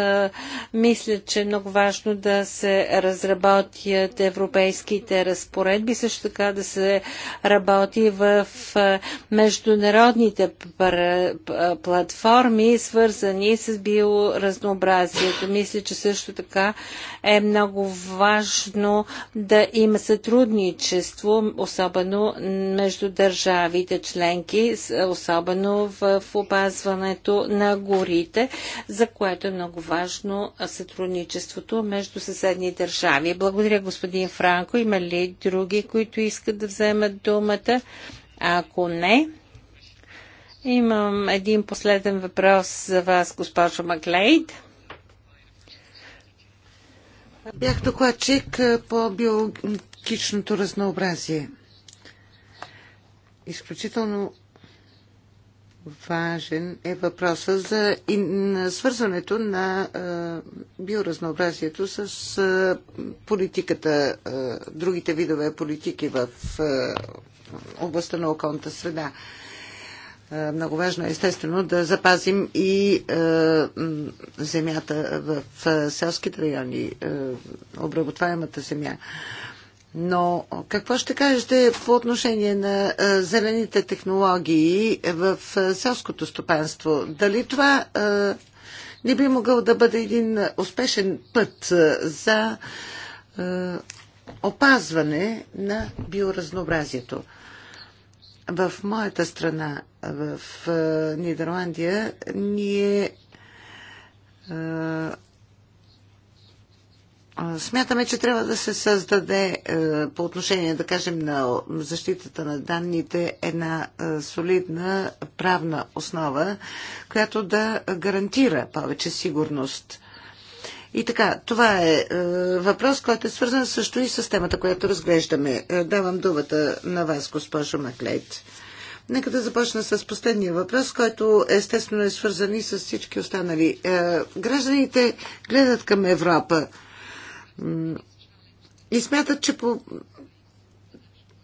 S3: мисля, че е много важно да се разработят европейските разпоредби, също така да се работи в международните платформи, свързани с биоразнообразието. Мисля, че също така е много важно да има сътрудни сътрудничество, особено между държавите членки, особено в опазването на горите, за което е много важно сътрудничеството между съседни държави. Благодаря, господин Франко. Има ли други, които искат да вземат думата? Ако не, имам един последен въпрос за вас, госпожо
S2: Маклейд. Бях докладчик по био кичното разнообразие. Изключително важен е въпроса за свързването на биоразнообразието с политиката, другите видове политики в областта на околната среда. Много важно е естествено да запазим и земята в селските райони, обработваемата земя. Но какво ще кажете по отношение на зелените технологии в селското стопанство? Дали това не би могъл да бъде един успешен път за опазване на биоразнообразието? В моята страна, в Нидерландия, ние Смятаме, че трябва да се създаде е, по отношение, да кажем, на защитата на данните една е, солидна правна основа, която да гарантира повече сигурност. И така, това е, е въпрос, който е свързан също и с темата, която разглеждаме. Давам думата на вас, госпожо Маклейт. Нека да започна с последния въпрос, който естествено е свързан и с всички останали. Гражданите гледат към Европа и смятат, че по,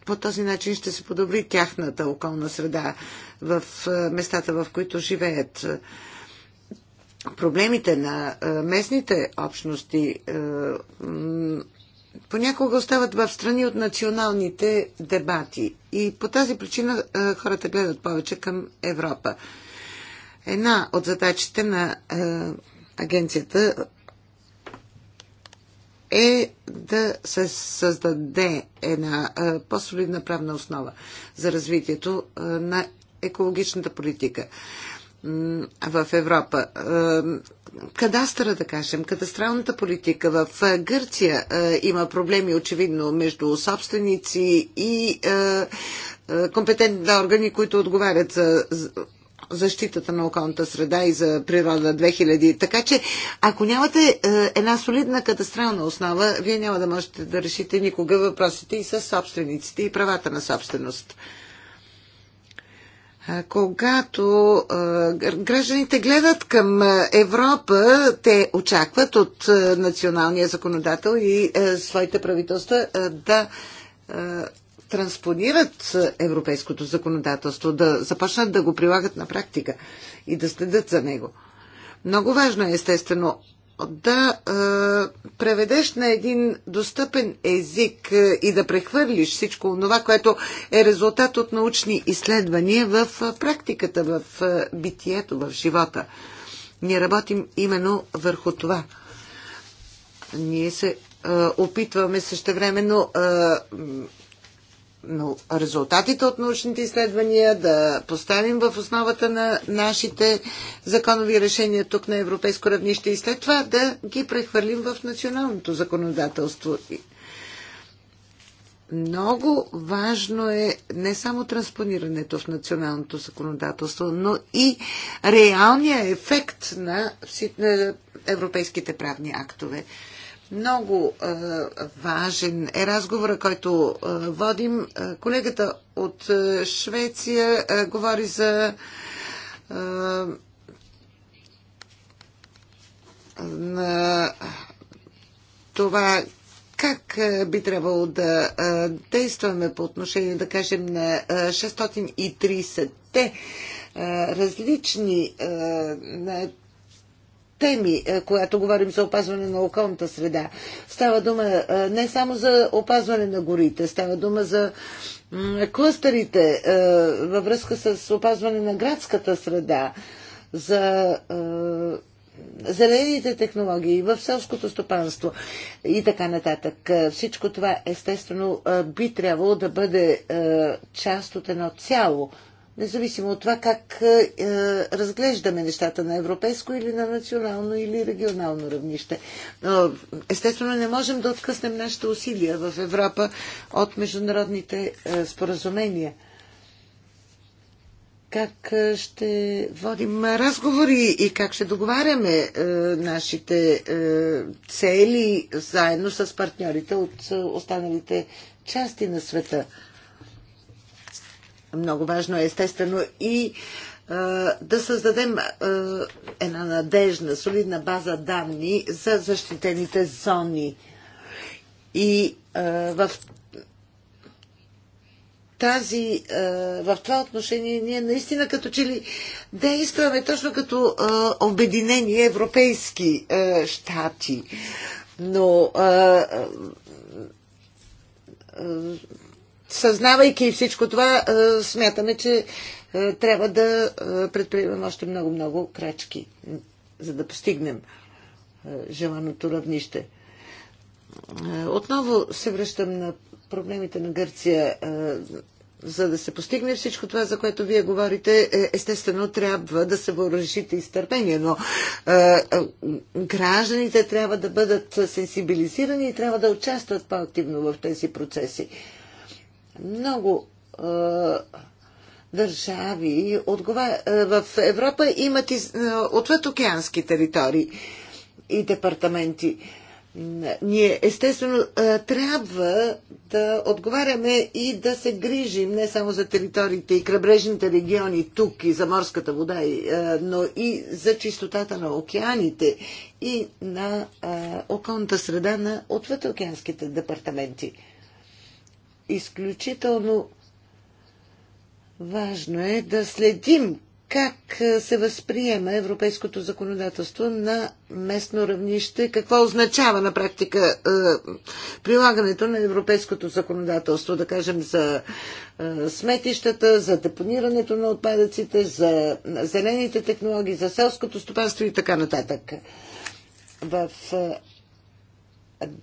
S2: по този начин ще се подобри тяхната околна среда в местата, в които живеят. Проблемите на местните общности понякога остават в страни от националните дебати. И по тази причина хората гледат повече към Европа. Една от задачите на Агенцията е да се създаде една по-солидна правна основа за развитието на екологичната политика в Европа. Кадастъра, да кажем, кадастралната политика в Гърция има проблеми очевидно между собственици и компетентни органи, които отговарят за защитата на околната среда и за природа 2000. Така че, ако нямате е, една солидна кадастрална основа, вие няма да можете да решите никога въпросите и с собствениците и правата на собственост. Когато е, гражданите гледат към Европа, те очакват от е, националния законодател и своите правителства да транспонират европейското законодателство, да започнат да го прилагат на практика и да следят за него. Много важно е, естествено, да е, преведеш на един достъпен език е, и да прехвърлиш всичко това, което е резултат от научни изследвания в практиката, в битието, в живота. Ние работим именно върху това. Ние се е, опитваме същевременно е, резултатите от научните изследвания, да поставим в основата на нашите законови решения тук на европейско равнище и след това да ги прехвърлим в националното законодателство. Много важно е не само транспонирането в националното законодателство, но и реалния ефект на, европейските правни актове. Много е, важен е разговора, който е, водим. Е, колегата от е, Швеция е, говори за е, на това как е, би трябвало да е, действаме по отношение, да кажем, на 630-те различни теми, е, когато говорим за опазване на околната среда. Става дума е, не само за опазване на горите, става дума за клъстерите е, във връзка с опазване на градската среда, за зелените технологии, в селското стопанство и така нататък. Всичко това естествено би трябвало да бъде част от едно цяло – независимо от това как е, разглеждаме нещата на европейско или на национално или регионално равнище. Но, естествено, не можем да откъснем нашите усилия в Европа от международните е, споразумения. Как е, ще водим разговори и как ще договаряме е, нашите е, цели заедно с партньорите от е, останалите части на света? Много важно е естествено и да създадем една надежна, солидна база данни за защитените зони. И в тази, в това отношение ние наистина като че ли действаме точно като обединени европейски щати. Но съзнавайки всичко това, смятаме, че трябва да предприемем още много-много крачки, за да постигнем желаното равнище. Отново се връщам на проблемите на Гърция. За да се постигне всичко това, за което вие говорите, е, естествено трябва да се въоръжите и стърпение, но е, е, гражданите трябва да бъдат сенсибилизирани и трябва да участват по-активно в тези процеси. Е, много е, държави отгова... в Европа имат из... отвъд океански територии и департаменти. Ние естествено трябва да отговаряме и да се грижим не само за териториите и крабрежните региони тук и за морската вода, но и за чистотата на океаните и на околната среда на отвъд океанските департаменти изключително важно е да следим как е, се възприема европейското законодателство на местно равнище, какво означава на практика е, прилагането на европейското законодателство, да кажем за е, сметищата, за депонирането на отпадъците, за зелените технологии, за селското стопанство и така нататък. В е,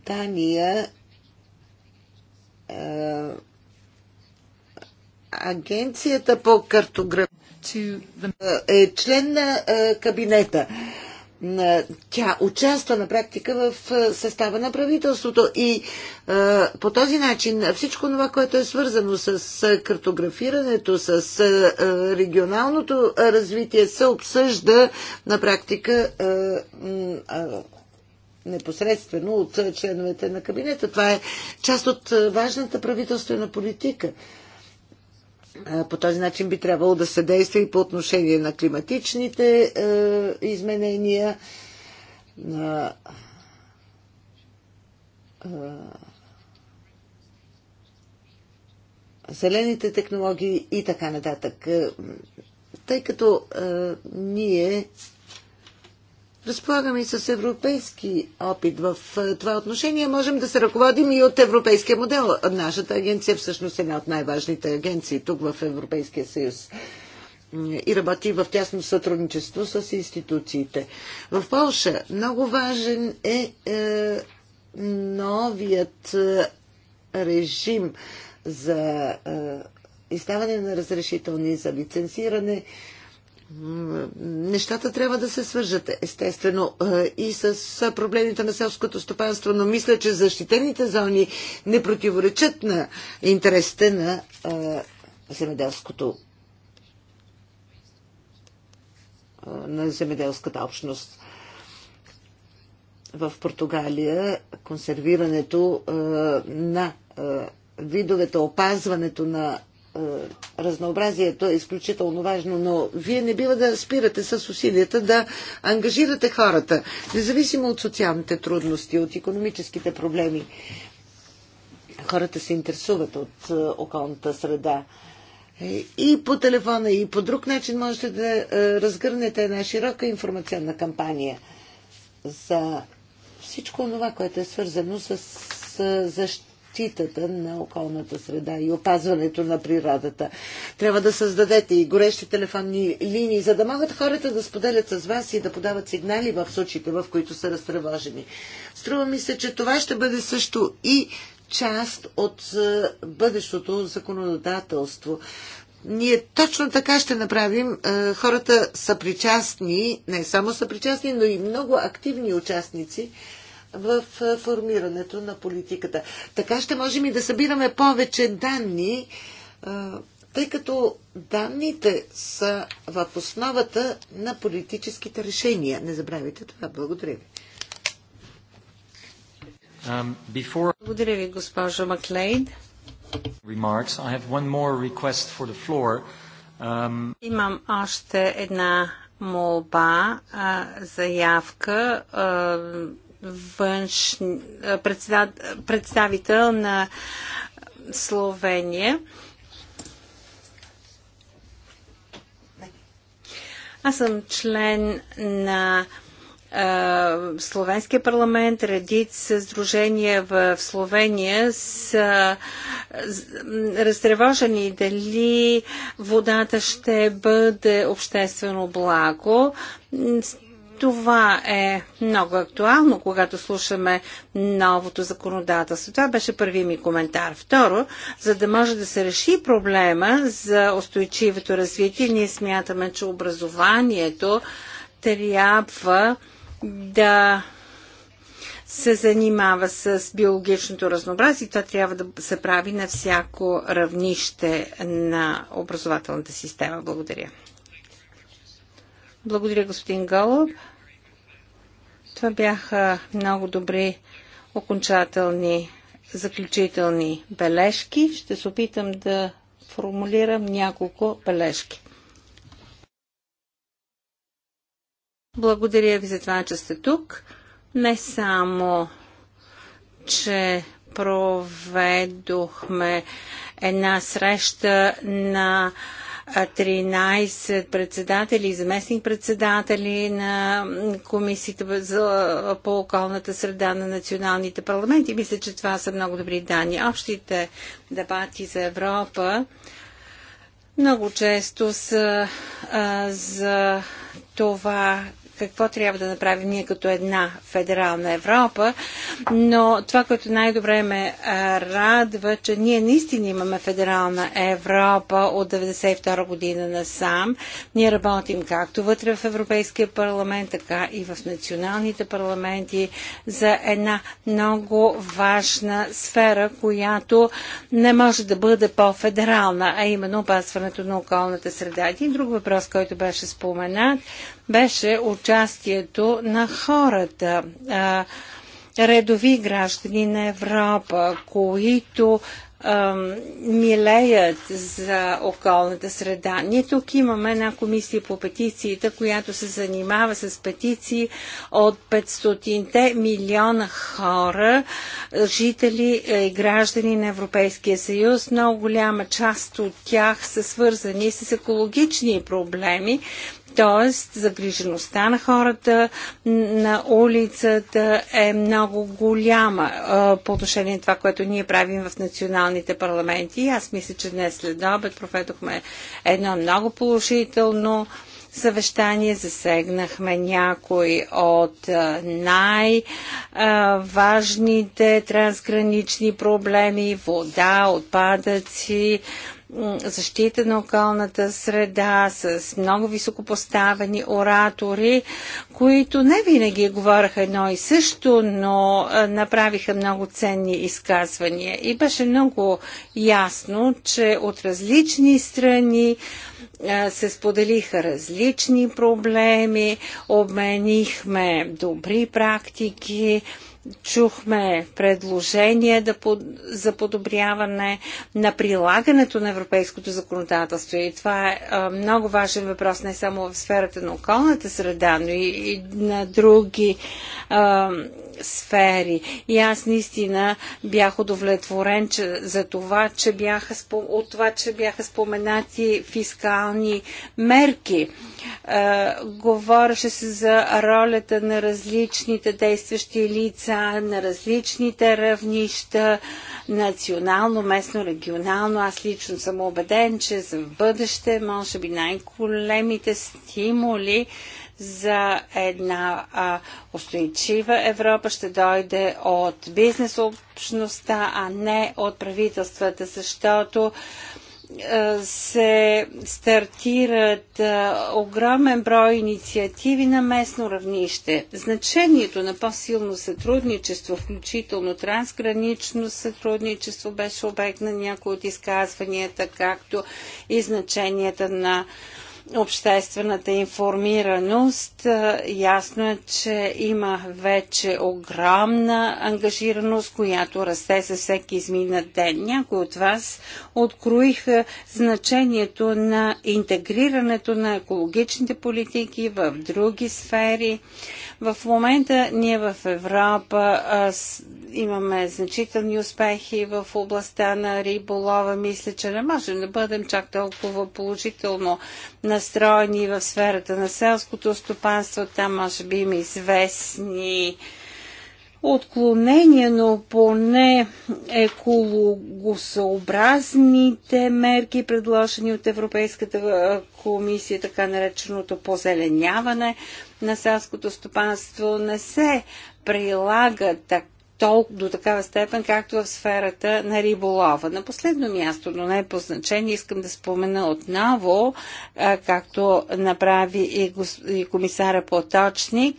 S2: Дания е, агенцията по картография е член на е, кабинета. Е, тя участва на практика в състава на правителството и по този начин всичко това, което е свързано с картографирането, с регионалното развитие, се обсъжда на практика непосредствено от е, членовете на кабинета. Това е част от е, важната правителствена политика. По този начин би трябвало да се действа и по отношение на климатичните е, изменения, на зелените технологии и така нататък. Тъй като ние разполагаме и с европейски опит в е, това отношение. Можем да се ръководим и от европейския модел. Нашата агенция всъщност е една от най-важните агенции тук в Европейския съюз и работи в тясно сътрудничество с институциите. В Польша много важен е, е новият е, режим за е, издаване на разрешителни, за лицензиране нещата трябва да се свържат, естествено, е, и с проблемите на селското стопанство, но мисля, че защитените зони не противоречат на интересите на е, земеделското е, на земеделската общност. В Португалия консервирането на видовете, опазването на е, разнообразието е изключително важно, но вие не бива да спирате с усилията да ангажирате хората, независимо от социалните трудности, от економическите проблеми. Хората се интересуват от е, околната среда. Е, и по телефона, и по друг начин можете да разгърнете една широка информационна кампания за всичко това, което е свързано с защита защитата на околната среда и опазването на природата. Трябва да създадете и горещи телефонни линии, за да могат хората да споделят с вас и да подават сигнали в случаите, в които са разтревожени. Струва ми се, че това ще бъде също и част от е, бъдещото законодателство. Ние точно така ще направим. Е, хората са причастни, не само са причастни, но и много активни участници в формирането на политиката. Така ще можем и да събираме повече данни, тъй като данните са в основата на политическите решения. Не забравяйте това. Благодаря ви.
S3: Um, Благодаря ви, госпожо Маклейн. Um... Имам още една молба, заявка външ, представител на Словения. Аз съм член на е, Словенския парламент, редица сдружения в Словения са разтревожени дали водата ще бъде обществено благо. Това е много актуално, когато слушаме новото законодателство. Това беше първи ми коментар. Второ, за да може да се реши проблема за устойчивото развитие, ние смятаме, че образованието трябва да се занимава с биологичното разнообразие. Това трябва да се прави на всяко равнище на образователната система. Благодаря. Благодаря, господин Голуб. Това бяха много добри окончателни заключителни бележки. Ще се опитам да формулирам няколко бележки. Благодаря ви за това, че сте тук. Не само, че проведохме една среща на 13 председатели и заместни председатели на комисията за, по околната среда на националните парламенти. Мисля, че това са много добри данни. Общите дебати за Европа много често са а, за това какво трябва да направим ние като една федерална Европа, но това, което най-добре ме радва, че ние наистина имаме федерална Европа от 1992 година насам. Ние работим както вътре в Европейския парламент, така и в националните парламенти за една много важна сфера, която не може да бъде по-федерална, а именно опасването на околната среда. Един друг въпрос, който беше споменат, беше участието на хората, а, редови граждани на Европа, които а, милеят за околната среда. Ние тук имаме една комисия по петициите, която се занимава с петиции от 500 те милиона хора, жители и граждани на Европейския съюз. Много голяма част от тях са свързани с екологични проблеми т.е. загрижеността на хората на улицата е много голяма по отношение на това, което ние правим в националните парламенти. И аз мисля, че днес след обед проведохме едно много положително съвещание засегнахме някои от най-важните трансгранични проблеми вода, отпадъци, защита на околната среда, с много високопоставени оратори, които не винаги говореха едно и също, но направиха много ценни изказвания. И беше много ясно, че от различни страни се споделиха различни проблеми, обменихме добри практики, чухме предложения да под, за подобряване на прилагането на европейското законодателство. И това е а, много важен въпрос не само в сферата на околната среда, но и, и на други а, сфери. И аз наистина бях удовлетворен че, за това, че бяха, от това, че бяха споменати фискални мерки. А, говореше се за ролята на различните действащи лица деца на различните равнища, национално, местно, регионално. Аз лично съм убеден, че за бъдеще, може би най-големите стимули за една а, устойчива Европа ще дойде от бизнес общността, а не от правителствата, защото се стартират огромен брой инициативи на местно равнище. Значението на по-силно сътрудничество, включително трансгранично сътрудничество, беше обект на някои от изказванията, както и значенията на обществената информираност. Е, ясно е, че има вече огромна ангажираност, която расте със всеки изминат ден. Някои от вас откроиха значението на интегрирането на екологичните политики в други сфери. В момента ние в Европа имаме значителни успехи в областта на риболова. Мисля, че не можем да бъдем чак толкова положително настроени в сферата на селското стопанство. Там може би има известни отклонения, но поне екологосъобразните мерки, предложени от Европейската комисия, така нареченото позеленяване на селското стопанство, не се прилага така толкова до такава степен, както в сферата на риболова. На последно място, но не е по значение, искам да спомена отново, както направи и комисара Поточник,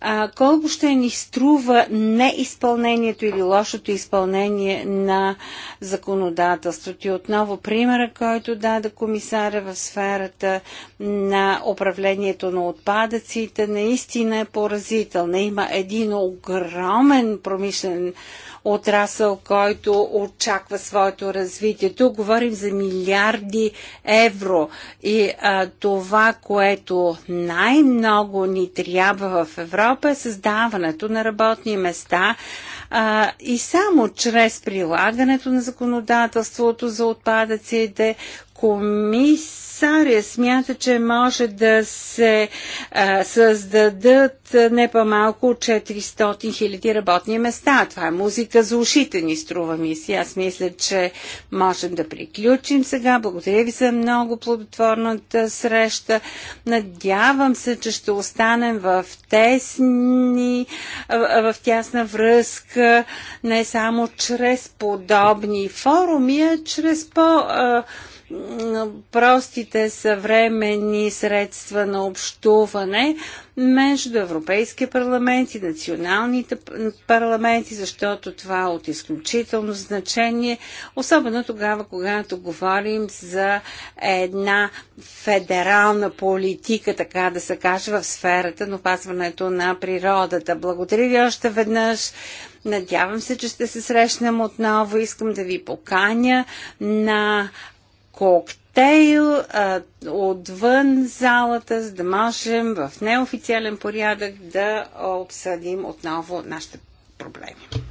S3: а, колко ще ни струва неизпълнението или лошото изпълнение на законодателството. И отново примера, който даде комисаря в сферата на управлението на отпадъците, наистина е поразителна. Има един огромен промишлен отрасъл, който очаква своето развитие. Тук говорим за милиарди евро и а, това, което най-много ни трябва в Европа е създаването на работни места а, и само чрез прилагането на законодателството за отпадъците, комисия Швейцария смята, че може да се а, създадат не по-малко 400 хиляди работни места. Това е музика за ушите ни, струва ми си. Аз мисля, че можем да приключим сега. Благодаря ви за много плодотворната среща. Надявам се, че ще останем в тесни, в тясна връзка, не само чрез подобни форуми, а чрез по- простите съвременни средства на общуване между Европейския парламент и националните парламенти, защото това е от изключително значение, особено тогава, когато говорим за една федерална политика, така да се каже, в сферата на опазването на природата. Благодаря ви още веднъж. Надявам се, че ще се срещнем отново. Искам да ви поканя на коктейл а, отвън залата, за да можем в неофициален порядък да обсъдим отново нашите проблеми.